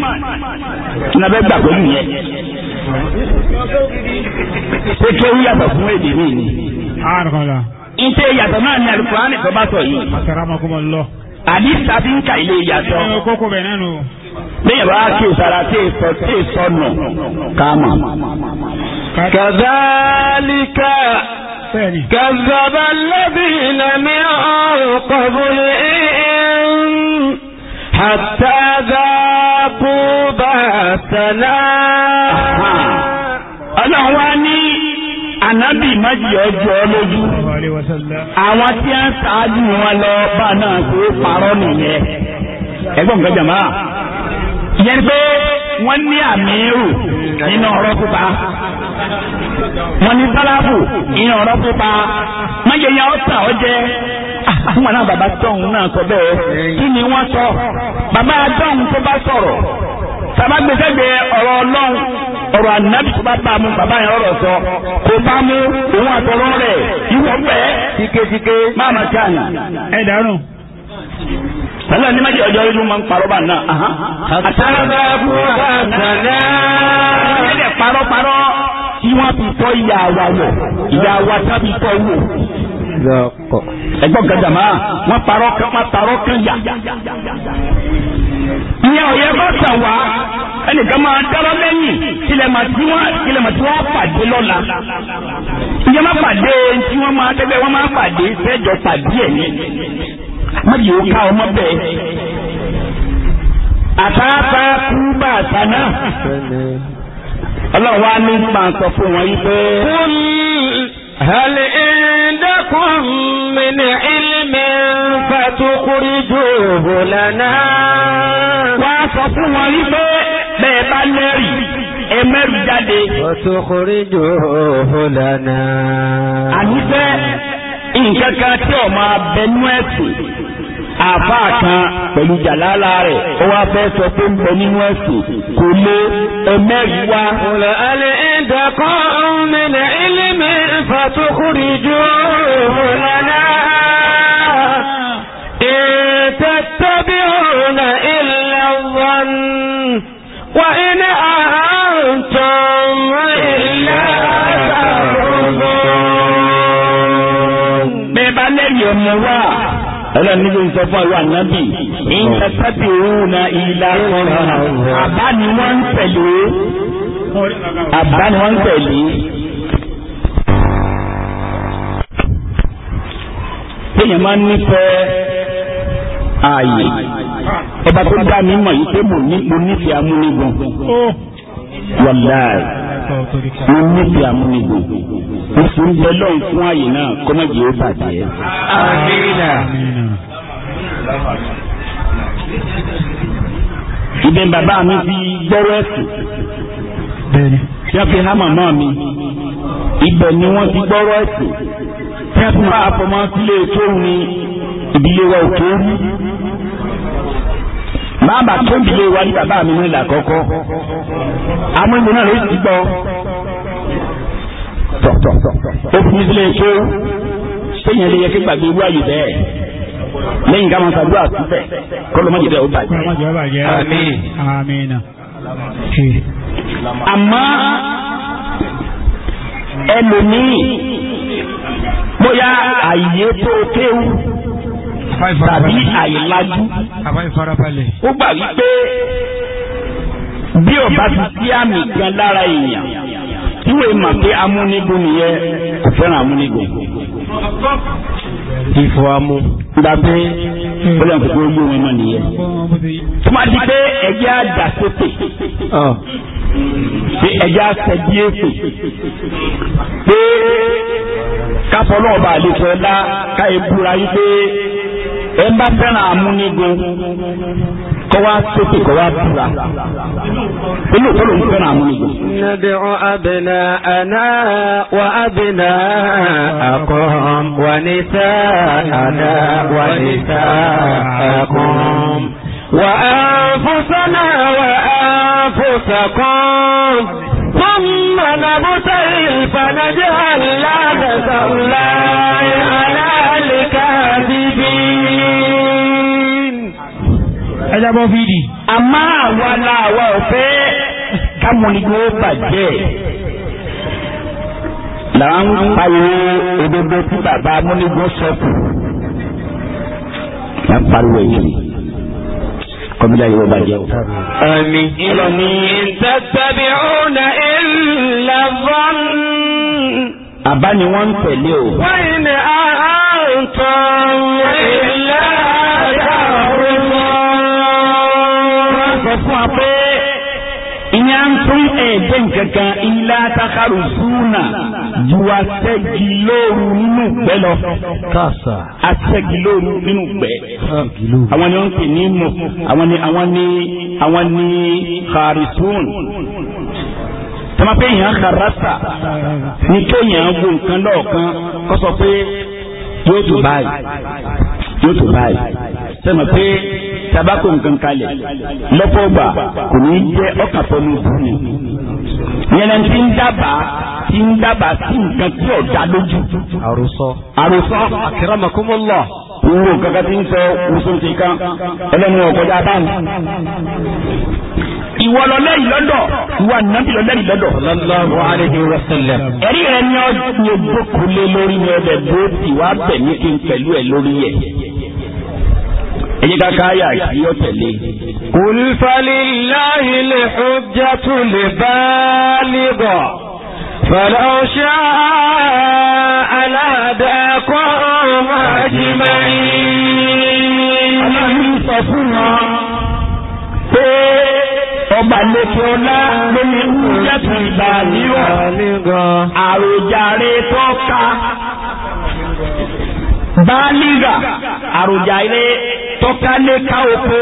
[SPEAKER 3] nàbẹ́ gbà pẹ̀lú ó tó yàtọ̀ fún èdè mi ni. Nte yàtọ̀ náà ni alukurani tó bá sọ yìí. Àdìsá fi ń ka ilé yàtọ̀. Bẹ́ẹ̀ bá kí o sara tí èso tí nù ká Kàdálíkà. كذب الذين من قبلهم حتى ذاقوا بأسنا ànábì méjì ọjọ́ lójú àwọn tí a ń ṣáájú wọn lọ bá náà kó parọ́ nìyẹn ẹgbọ́n nǹkan jàmbá yẹn pé wọ́n ní àmì rù nínú ọ̀rọ̀ pípa
[SPEAKER 4] wọ́n ní sálábù nínú ọ̀rọ̀ pípa
[SPEAKER 3] máyẹyẹ ọ̀tà ọ̀jẹ́ ah, àwọn Baba bàbá tọ̀hún náà sọ bẹ́ẹ̀ kí ni wọ́n sọ bàbá tọ̀hún tó bá sọ̀rọ̀ tàbá ọ̀rọ̀ ọ̀rọ̀ ànábì tó bá bá mu bàbá yẹn ọ̀rọ̀ sọ kó bá mu òun àtọ̀rọ̀ rẹ̀ ìwọ pẹ́ tíketíke máa ma ṣáà ní. ẹ dàrú. Sálà ní méjì ọjọ́ inú máa ń parọ́ bá náà. Àtàlẹ́ fún àtàlẹ́. Ìyẹ́dẹ̀ parọ́parọ́ tí wọ́n fi tọ́ ìyá wa wọ̀, ìyá wa tábí tọ́ wò ẹgbọ́n gajàmá wọ́n parọ́ kan wọ́n parọ́ kan yà ìyẹn ọ̀yẹ́ bá tà wá ẹnìkan máa dára lẹ́yìn wọ́n pàdé lọ́la ìyẹn pàdé tí wọ́n máa tẹ́gbẹ́ wọ́n máa pàdé sẹ́jọ pàdé ẹ̀ ní mọ́jì ó ká ọmọ bẹ́ẹ̀ àtàtà kú bá àtà fún wọn fún wọn wípé bẹ́ẹ̀ bá lẹ́rì ẹ mẹ́rù jáde. ọ̀tún kórè jò ó lànà. àníṣe nǹkan kan tí ò máa bẹnu ẹ̀sìn àfáà kan pẹ̀lú jàlálà rẹ̀ ó wá fẹ́ sọ pé ń bẹ nínú ẹ̀sìn kò lé ẹmẹ́rìí wá. ọ̀lẹ́ alẹ́ ẹ̀dàkọ́ ọ̀mẹ́lẹ̀ ẹlẹ́mẹ̀ ìfàtòkùnrin jù ú lọ́nà. yẹn wà ọlọ́run níbi ń sọ fún àwọn ànábì ìyẹn tẹ́tì òun na ìlà kan àbá ni wọ́n ń tẹ̀lé àbá ni wọ́n ń tẹ̀lé. téèyàn máa ń nífẹ̀ẹ́ ààyè ọba tó dá mi mọ̀ yìí pé mo nífẹ̀ẹ́ amúnigun wàláì mo nífẹ̀ẹ́ amúnigbò mo sì ń bẹ lọ́run fún àyè náà kọ́mọ̀jì ó bàjẹ́. ibẹ̀ bàbá mi fi gbọ́rọ̀ ẹ̀sìn tí a fi há màmá mi ibẹ̀ ni wọ́n ti gbọ́rọ̀ ẹ̀sìn tí a fi máa fọmọ sílé tó ní ìdílé wa ò tó rí bàbá tó ń dìde wa ní bàbá mi ní ìlà kọ́kọ́ àwọn náà ló ti gbọ́ tọ̀tọ̀ ó fi sílẹ̀ tó sẹ́yìn lè yẹ kí gbàgbé irú àyè bẹ́ẹ̀ lẹ́yìn ká máa ṣàdúrà síbẹ̀ kọ́ ló má jẹ́ bẹ́ẹ̀ ó àmọ́
[SPEAKER 4] ẹlòmíì
[SPEAKER 3] bóyá àyè tó kéwù tàbí àìlájú. ó gbà wípé bí ọba ti sí àmì kan lára èèyàn tí wọ́n mọ̀ pé amúnigun nìyẹn kò fẹ́ràn amúnigun. ìfọ̀ amú. gba pé ó lè kókó ló wọn mọ̀ nìyẹn. tó máa di pé ẹ̀jẹ̀ á dà sókè pé ẹja sẹ́dí èsì pé káfọ́ náà bá lè fẹ́ lá káyé búra yí pé ẹ bá fẹ́ràn amúnigun kọ́ wá sókè kọ́ wá búra inú kọ́ ló ń fẹ́ràn amúnigun. nàdìrún abìnà àná wà abìnà àkọ́m wà ní sáà àná wà ní sáà àkọ́m. وأنفسنا وأنفسكم ثم نبتهل فنجعل لا تسلى jábọ́ fídì. àmọ́ àwa la àwa ò kámúnigbó bàjẹ́ làwọn pariwo òdodo tí bàbá amúnigbó sọkù là ń pariwo èyí kọmílá yóò bàjẹ́ o. àmì ìlànà ìtàtàbíọ́nà ìlànà. àbá ni wọ́n ń o. wọ́n ní àǹtọ̀ ìlànà. nǹkan kan ilá takaru súnà ju asẹ́gi lóru nínú ìgbẹ́ lọ. kàṣà. asẹ́gi lóru nínú ìgbẹ́. àwọn ni wọ́n ń pè ní mọ̀ àwọn ni àwọn ni àwọn ni kàrísùn tọ́mọ pé èèyàn kàrásà ní kéèyàn wo nǹkan lọ́ọ̀kan kó pé yóò dùn báyìí. yóò tó báyìí sẹ́mi pé tabako nǹkan kalẹ̀ lọ́pọ̀ kò ní jẹ́ ọkà fọnù bùnú yẹn ti ń dábàá ti ń dábàá sí nǹkan tí ọ̀dà lójú. àròsọ. àròsọ. wúwo ti ń sọ ti kan ẹlẹ́nu ọ̀kọ́jà ìwọ lọlẹ́rìí lọ́dọ̀ ìwọ ànábì lọlẹ́rìí lọ́dọ̀. sallallahu alayhi wa sallam. ẹ̀rí rẹ ni ọ ní gbókòlé lórí ní ọbẹ̀ bó ti wá bẹ̀ ní kí n pẹ̀lú ẹ lórí yẹ. ẹ̀yin kankan ayà yìí ó tẹ̀lé. qul falillahi al-hujjatu al-baligha. falaw sha'a la hadakum. gbàlejò ọlá lórí ìjẹ́tù ìbàlíwọ̀ àròjàre tọ́ka
[SPEAKER 4] báálígà àròjàre tọ́ka lé ká oko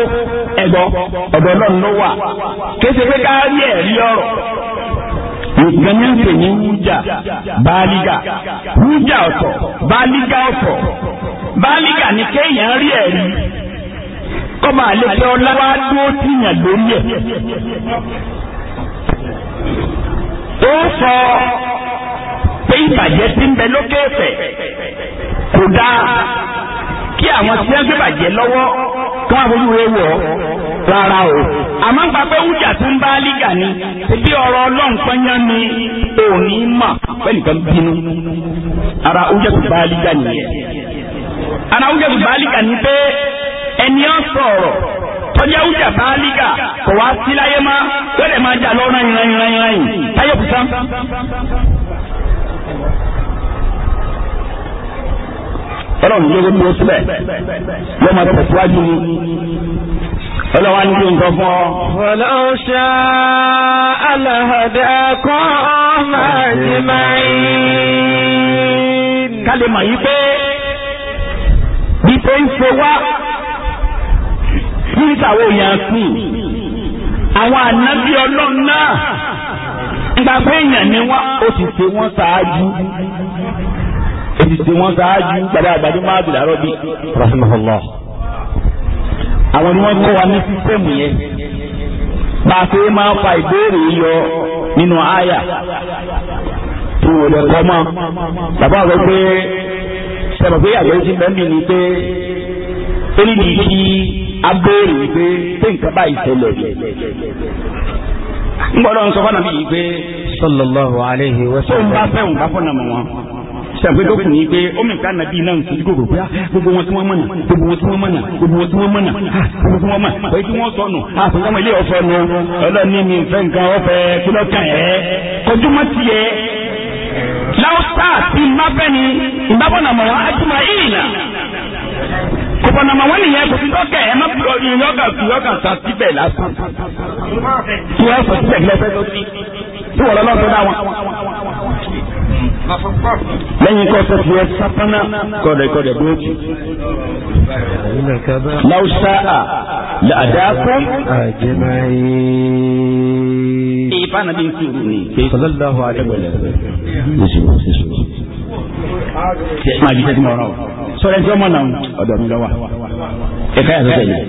[SPEAKER 3] ẹ̀gbọ́ ọ̀dọ̀ náà ló wà kéṣe pé ká rí ẹ̀rí ọ̀rọ̀ nǹkan ní pè ní wújà báálígà wújà ọ̀tọ̀ báálígà ọ̀tọ̀ báálígà ni kéèyàn rí ẹ̀rí. kọ́mọ àlejò ọlá wá dúró tìyàn lórí ẹ̀. ó sọ pé ìbàjẹ́ ti ń bẹ lókè ẹ̀fẹ̀ kò dáa kí àwọn tí wọ́n gbé bàjẹ́ lọ́wọ́ kí wọ́n wọ̀ rárá o. àmọ́ gba pé wújà tó ń bá lígà ni bí ọ̀rọ̀ ọlọ́run ni òní mà bínú ara wújà tó bá nìyẹn. ara tó bá ni pé. ẹni á sọ̀rọ̀ tọ́jà ọjà bá lígà kò wá sí láyé má wẹ́lẹ̀ máa jà lọ́rùn yìnyín yìnyín yìnyín táyé kùsà. ọlọ́run ló ń lọ síbẹ̀ yóò máa tẹ̀síwájú ni ọlọ́wà ní kí n sọ fún ọ. walau sha'a lahadakum ajma'in. kálí mà yí pé bí pé ń ṣe wá mínísítà wo yàn kù àwọn ànábì ọlọ́run náà nígbà pé èèyàn ni wọ́n ó sì ṣe wọ́n ṣáájú ó sì ṣe wọ́n ṣáájú gbàdá àgbàdo máa bìlà rọ́bì rahimahullah àwọn ni wọ́n kọ́ wa ní sísẹ́mù yẹn bá a ṣe máa fa ìbéèrè yọ nínú àyà tí wọ́n lè kọ́ mọ́ bàbá rẹ̀ pé sọ̀rọ̀ pé àgbẹ̀ ti bẹ́ẹ̀ mi ni pé ó ní kí. abéèrè ebe pé nǹkan báyìí ṣẹlẹ̀ n gbọ́dọ̀ n sọ fún àbí pé. sallallahu alayhi wa sallam. tó bá fẹ́ òun bá fọ́ nàmọ́ wọn. sàpé tó kù ní pé omi ká gbogbo ah, gbogbo wọn tí gbogbo wọn tí gbogbo wọn tí ah, gbogbo wọn tí sọnù ah, ilé mi nǹkan kọjú láwùsá kòkò nàmà wọn nìyẹn kò fi lọ́kẹ̀ ẹ má bùrọ̀ yọ̀ọ̀kà yọ̀ọ̀kà sà síbẹ̀ lásán. tí wọ́n sọ síbẹ̀ lẹ́sẹ̀ tó wọ́n lọ́ọ́ dá wọn. lẹ́yìn kọ́ sọ fi ẹ sápánà kọ́dẹ̀ kọ́dẹ̀ bóòtù. láwùsá à làdákùn. ìbánu bí n kí òru ni. sọlọ́láhu alẹ́ wẹ̀lẹ̀. tí ẹ máa jí sẹ́tìmọ̀ ọ̀rọ̀ sọ̀rọ̀ ẹ̀jẹ̀ ọmọ náà ọ̀dọ̀ mi lọ́wọ́ ẹ̀ka yà sọ̀tẹ̀ yìí.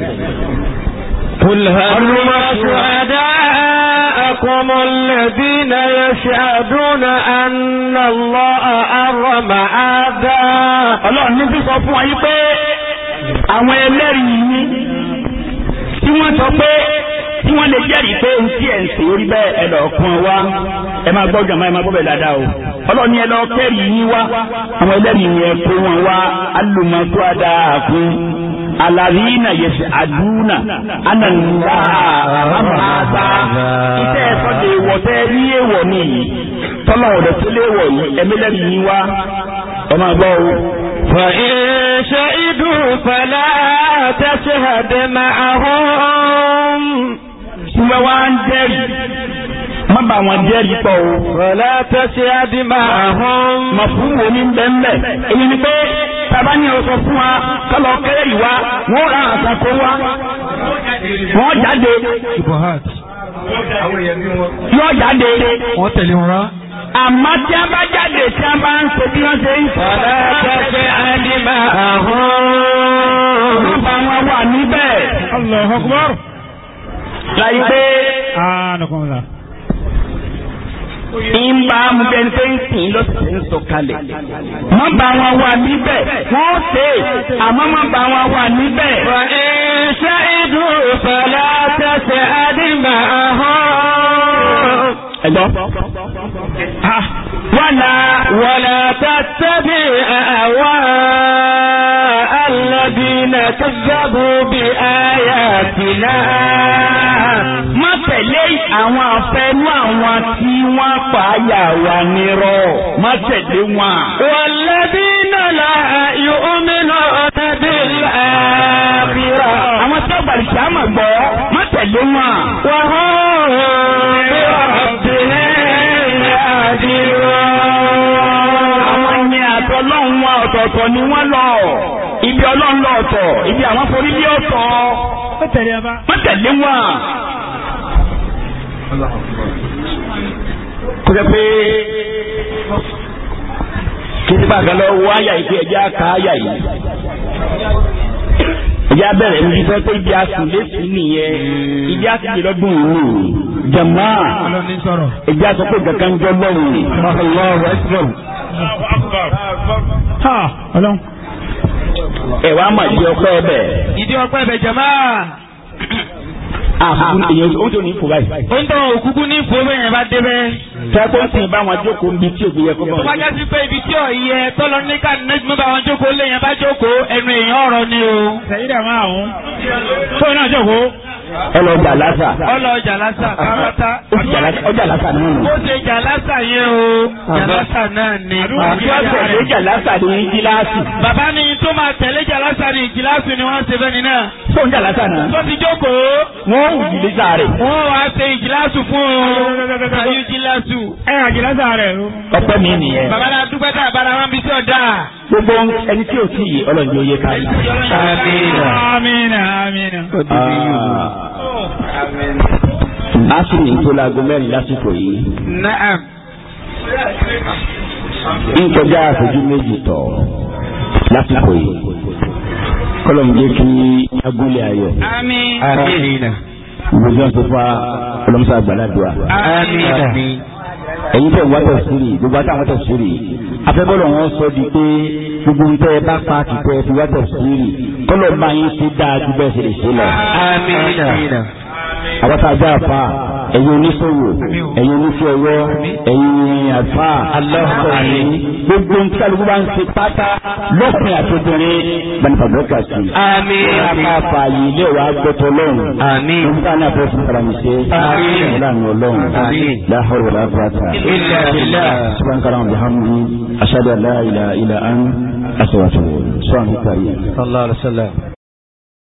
[SPEAKER 3] حرم شهداءكم الذين يشهدون أن الله حرم هذا ọlọ́run ní bí sọ fún wa yí pé àwọn ẹlẹ́rìí yìí tí wọ́n sọ pé tí wọ́n lè jẹ́rìí pé ohun tí ẹ̀ ń ṣe orí bẹ́ẹ̀ ẹ lọ́ọ̀kan wá ẹ máa gbọ́dọ̀ máa ẹ máa gbọ́dọ̀ dáadáa o ọlọ́ni ẹ lọ kẹ́rì yín wá àwọn ẹlẹ́rìí yẹn pé wọ́n wá alùmọ̀tò àdàkùn alàríyìnà yẹsẹ àdúnà ànàlá àmàlá ìtẹ́ ẹ̀sọ́ lè wọ̀ tẹ́ èèwọ̀ nìyí tọ́lọ̀ ọ̀dọ̀ tó léèwọ̀ yìí ẹ̀mẹ́lẹ́rìí yín wá ọmọ àgbọ̀ o. فإن شهدوا فلا تشهد معهم.
[SPEAKER 4] Ṣùgbọ́n wá ń dẹ́rì
[SPEAKER 3] má bà wọn jẹ́rìí pọ̀ o. Bọ̀lá tẹ́sí Adima. Mà fún wo ní bẹ́ńbẹ́. Èmi ni pé bàbá ní ọ̀sọ̀ fún wa kọ́lọ̀ kẹ́rẹ́ ìwà wọ́n ra àṣà kó wa. Wọ́n jáde. Yóò jáde. Wọ́n tẹ̀lé wọn rá àmọ́ tí a bá jáde tí a bá ń ṣe bí wọ́n ṣe ń sọ. Ọ̀dọ́ ṣe àdìmọ̀ àhún. Nípa wọn wà níbẹ̀. Láyé pé. Ààrùn ah, kọ́ńtà. ń bá mu bẹ́ẹ̀ ni pé ń sìn ló sì ń sọ̀kalẹ̀. má bá wọn wà níbẹ̀ wọ́n ṣe àmọ́ má bá wọn wà níbẹ̀. ìdú ẹ gbọ́. كذبوا بآياتنا má tẹ̀lé àwọn afẹ́nú àwọn tí wọ́n pààyà wà nírọ́ má tẹ̀lé wọn. والذين لا يؤمنون بالآخرة. àwọn tí wọ́n gbàlè kí á mà gbọ́ má tẹ̀lé wọn. وهم بربهم يعدلون. àwọn yẹn àtọ́lọ́hún wọn ọ̀tọ̀ọ̀tọ̀ ni wọ́n lọ ibi ọlọ́run lọ́ọ̀tọ̀ ibi àwọn forí lé ọ̀tọ̀ wọ́n tẹ̀lé wọn. kó jẹ́ pé kí n bá galọ wọ àyà yìí kí ẹ àyà yìí ìyá bẹ̀rẹ̀ ní sọ pé ibi asùnlẹ̀sùn nìyẹn ibi asùnlẹ̀ lọ́dún òru jama ìdí asọ pé kankan jọ lọ́rùn. ọlọ́run ẹ wàá mà ìdí ọpẹ́ ẹbẹ. ìdí ọpẹ́ ẹbẹ jẹ máa. Ah, àkùnkùn èèyàn ó tó ní ìfò báyìí. ó ń tọ́ òkúkú ní ìfò bẹ́ẹ̀ yẹn bá débẹ̀. tẹ́kọ̀ sì bá wọn jókòó níbi tí òbí yẹ kó bá wọn. wájà sí pé ibi tí ò yẹ tọ́lọ ní ká nínú ìgbìmọ̀ bá wọn jókòó lé yẹn bá jókòó ẹnu èèyàn ọ̀rọ̀ ni o. sẹ́yìn dẹ̀ máa fóònù náà jókòó ọlọ́jà lásà. ọlọ́jà lásà kárátá. ọjà lásà náà nù. ó ṣe jà lásà yẹn o. jà lásà náà ni. àdúrà tẹ̀lé jà lásà ní gíláàsì. bàbá mi tó máa tẹ̀lé jà lásà ní gíláàsì ni wọ́n ṣe ni náà tó ń jà látànà. tó ti jókòó. wọ́n wù ú lẹ́sà rẹ̀. wọ́n wá ṣe ìjìláṣù fún un. ayé ìjìláṣù. ẹ àjìláṣà rẹ̀. ọpẹ́ mi nìyẹn. babalá dúpẹ́ tá a bára wọn bí sí ọ̀dà. gbogbo ẹni tí ò tí ì ọlọ́run yóò yé ká yìí. amina amina. a sì ní tó laago mẹ́rin lásìkò yìí. naam.
[SPEAKER 4] nkọjá àfojú
[SPEAKER 3] méjì tọ̀ lásìkò yìí kọlọm jẹ kí agúlẹ ayọ̀. àmín. ìgbésí wọn tó fa ọlọmọsá àgbàlagbà. àmín. ẹ̀yin tẹ̀ wá tẹ̀ sírì gbogbo àtàwọn tẹ̀ sírì afẹ́bọ́lọ̀ wọn sọ di pé gbogbo nǹkan ẹ bá pa àtìkọ́ ẹ fi wá tẹ̀ sírì kọlọ̀ máa yín ti dáa ju bẹ́ẹ̀ ṣe lè ṣe àwọn tá a já àfa ẹ̀yin oníṣòwò ẹ̀yin oníṣẹ́ ọwọ́ ẹ̀yin àfa aláàfáàní gbogbo nǹkan àlùkò bá ń ṣe pátá lọ́kùnrin àti obìnrin gbanifàgbọ́kà sí. àmín àmín àfa yìí ilé wa gbọ́tọ̀ lọ́run. àmín nígbà náà fẹ́ fún ara ọlọ́run. àmín láhùrù wàlá fàtà. ilẹ̀ ilẹ̀. asadu ala ila ila an asawatu sọ àmì kari.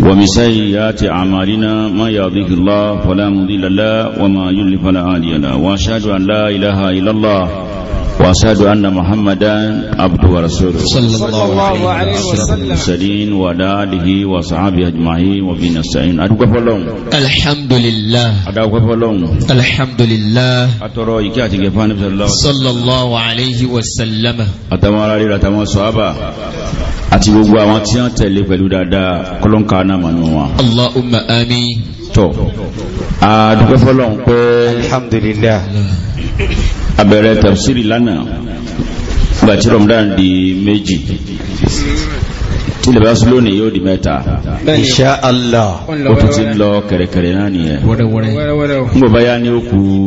[SPEAKER 5] ومن سيئات أعمالنا ما يهده الله فلا مضل له وما يضلل فلا هادي له وأشهد أن لا إله إلا الله وأشهد أن محمدا عبده ورسوله صلى الله عليه وسلم سلين وداده وصحابه أجمعين وبين السعين أدوك فلون الحمد لله أدوك فلون الحمد لله أترى إكاتي كفان صلى الله عليه وسلم أتمنى لله أتمنى صحابة أتبقى وانتيان تلي فلو دادا كلون náà mọ̀nú wọn. Allahumma amin. Tọ́, a dúpẹ́ fọ́lọ́run pé Alhamdulillah. A bẹ̀rẹ̀ tafsiri lánàá, ìgbà tí Ramadan di méjì. Tí lè bá sún lónìí yóò di mẹ́ta. Insha Allah. Ó tún ti lọ kẹ̀rẹ̀kẹ̀rẹ̀ náà nìyẹn. Wọ́rẹ́wọ́rẹ́. Ń bọ̀ báyá ní ó kú.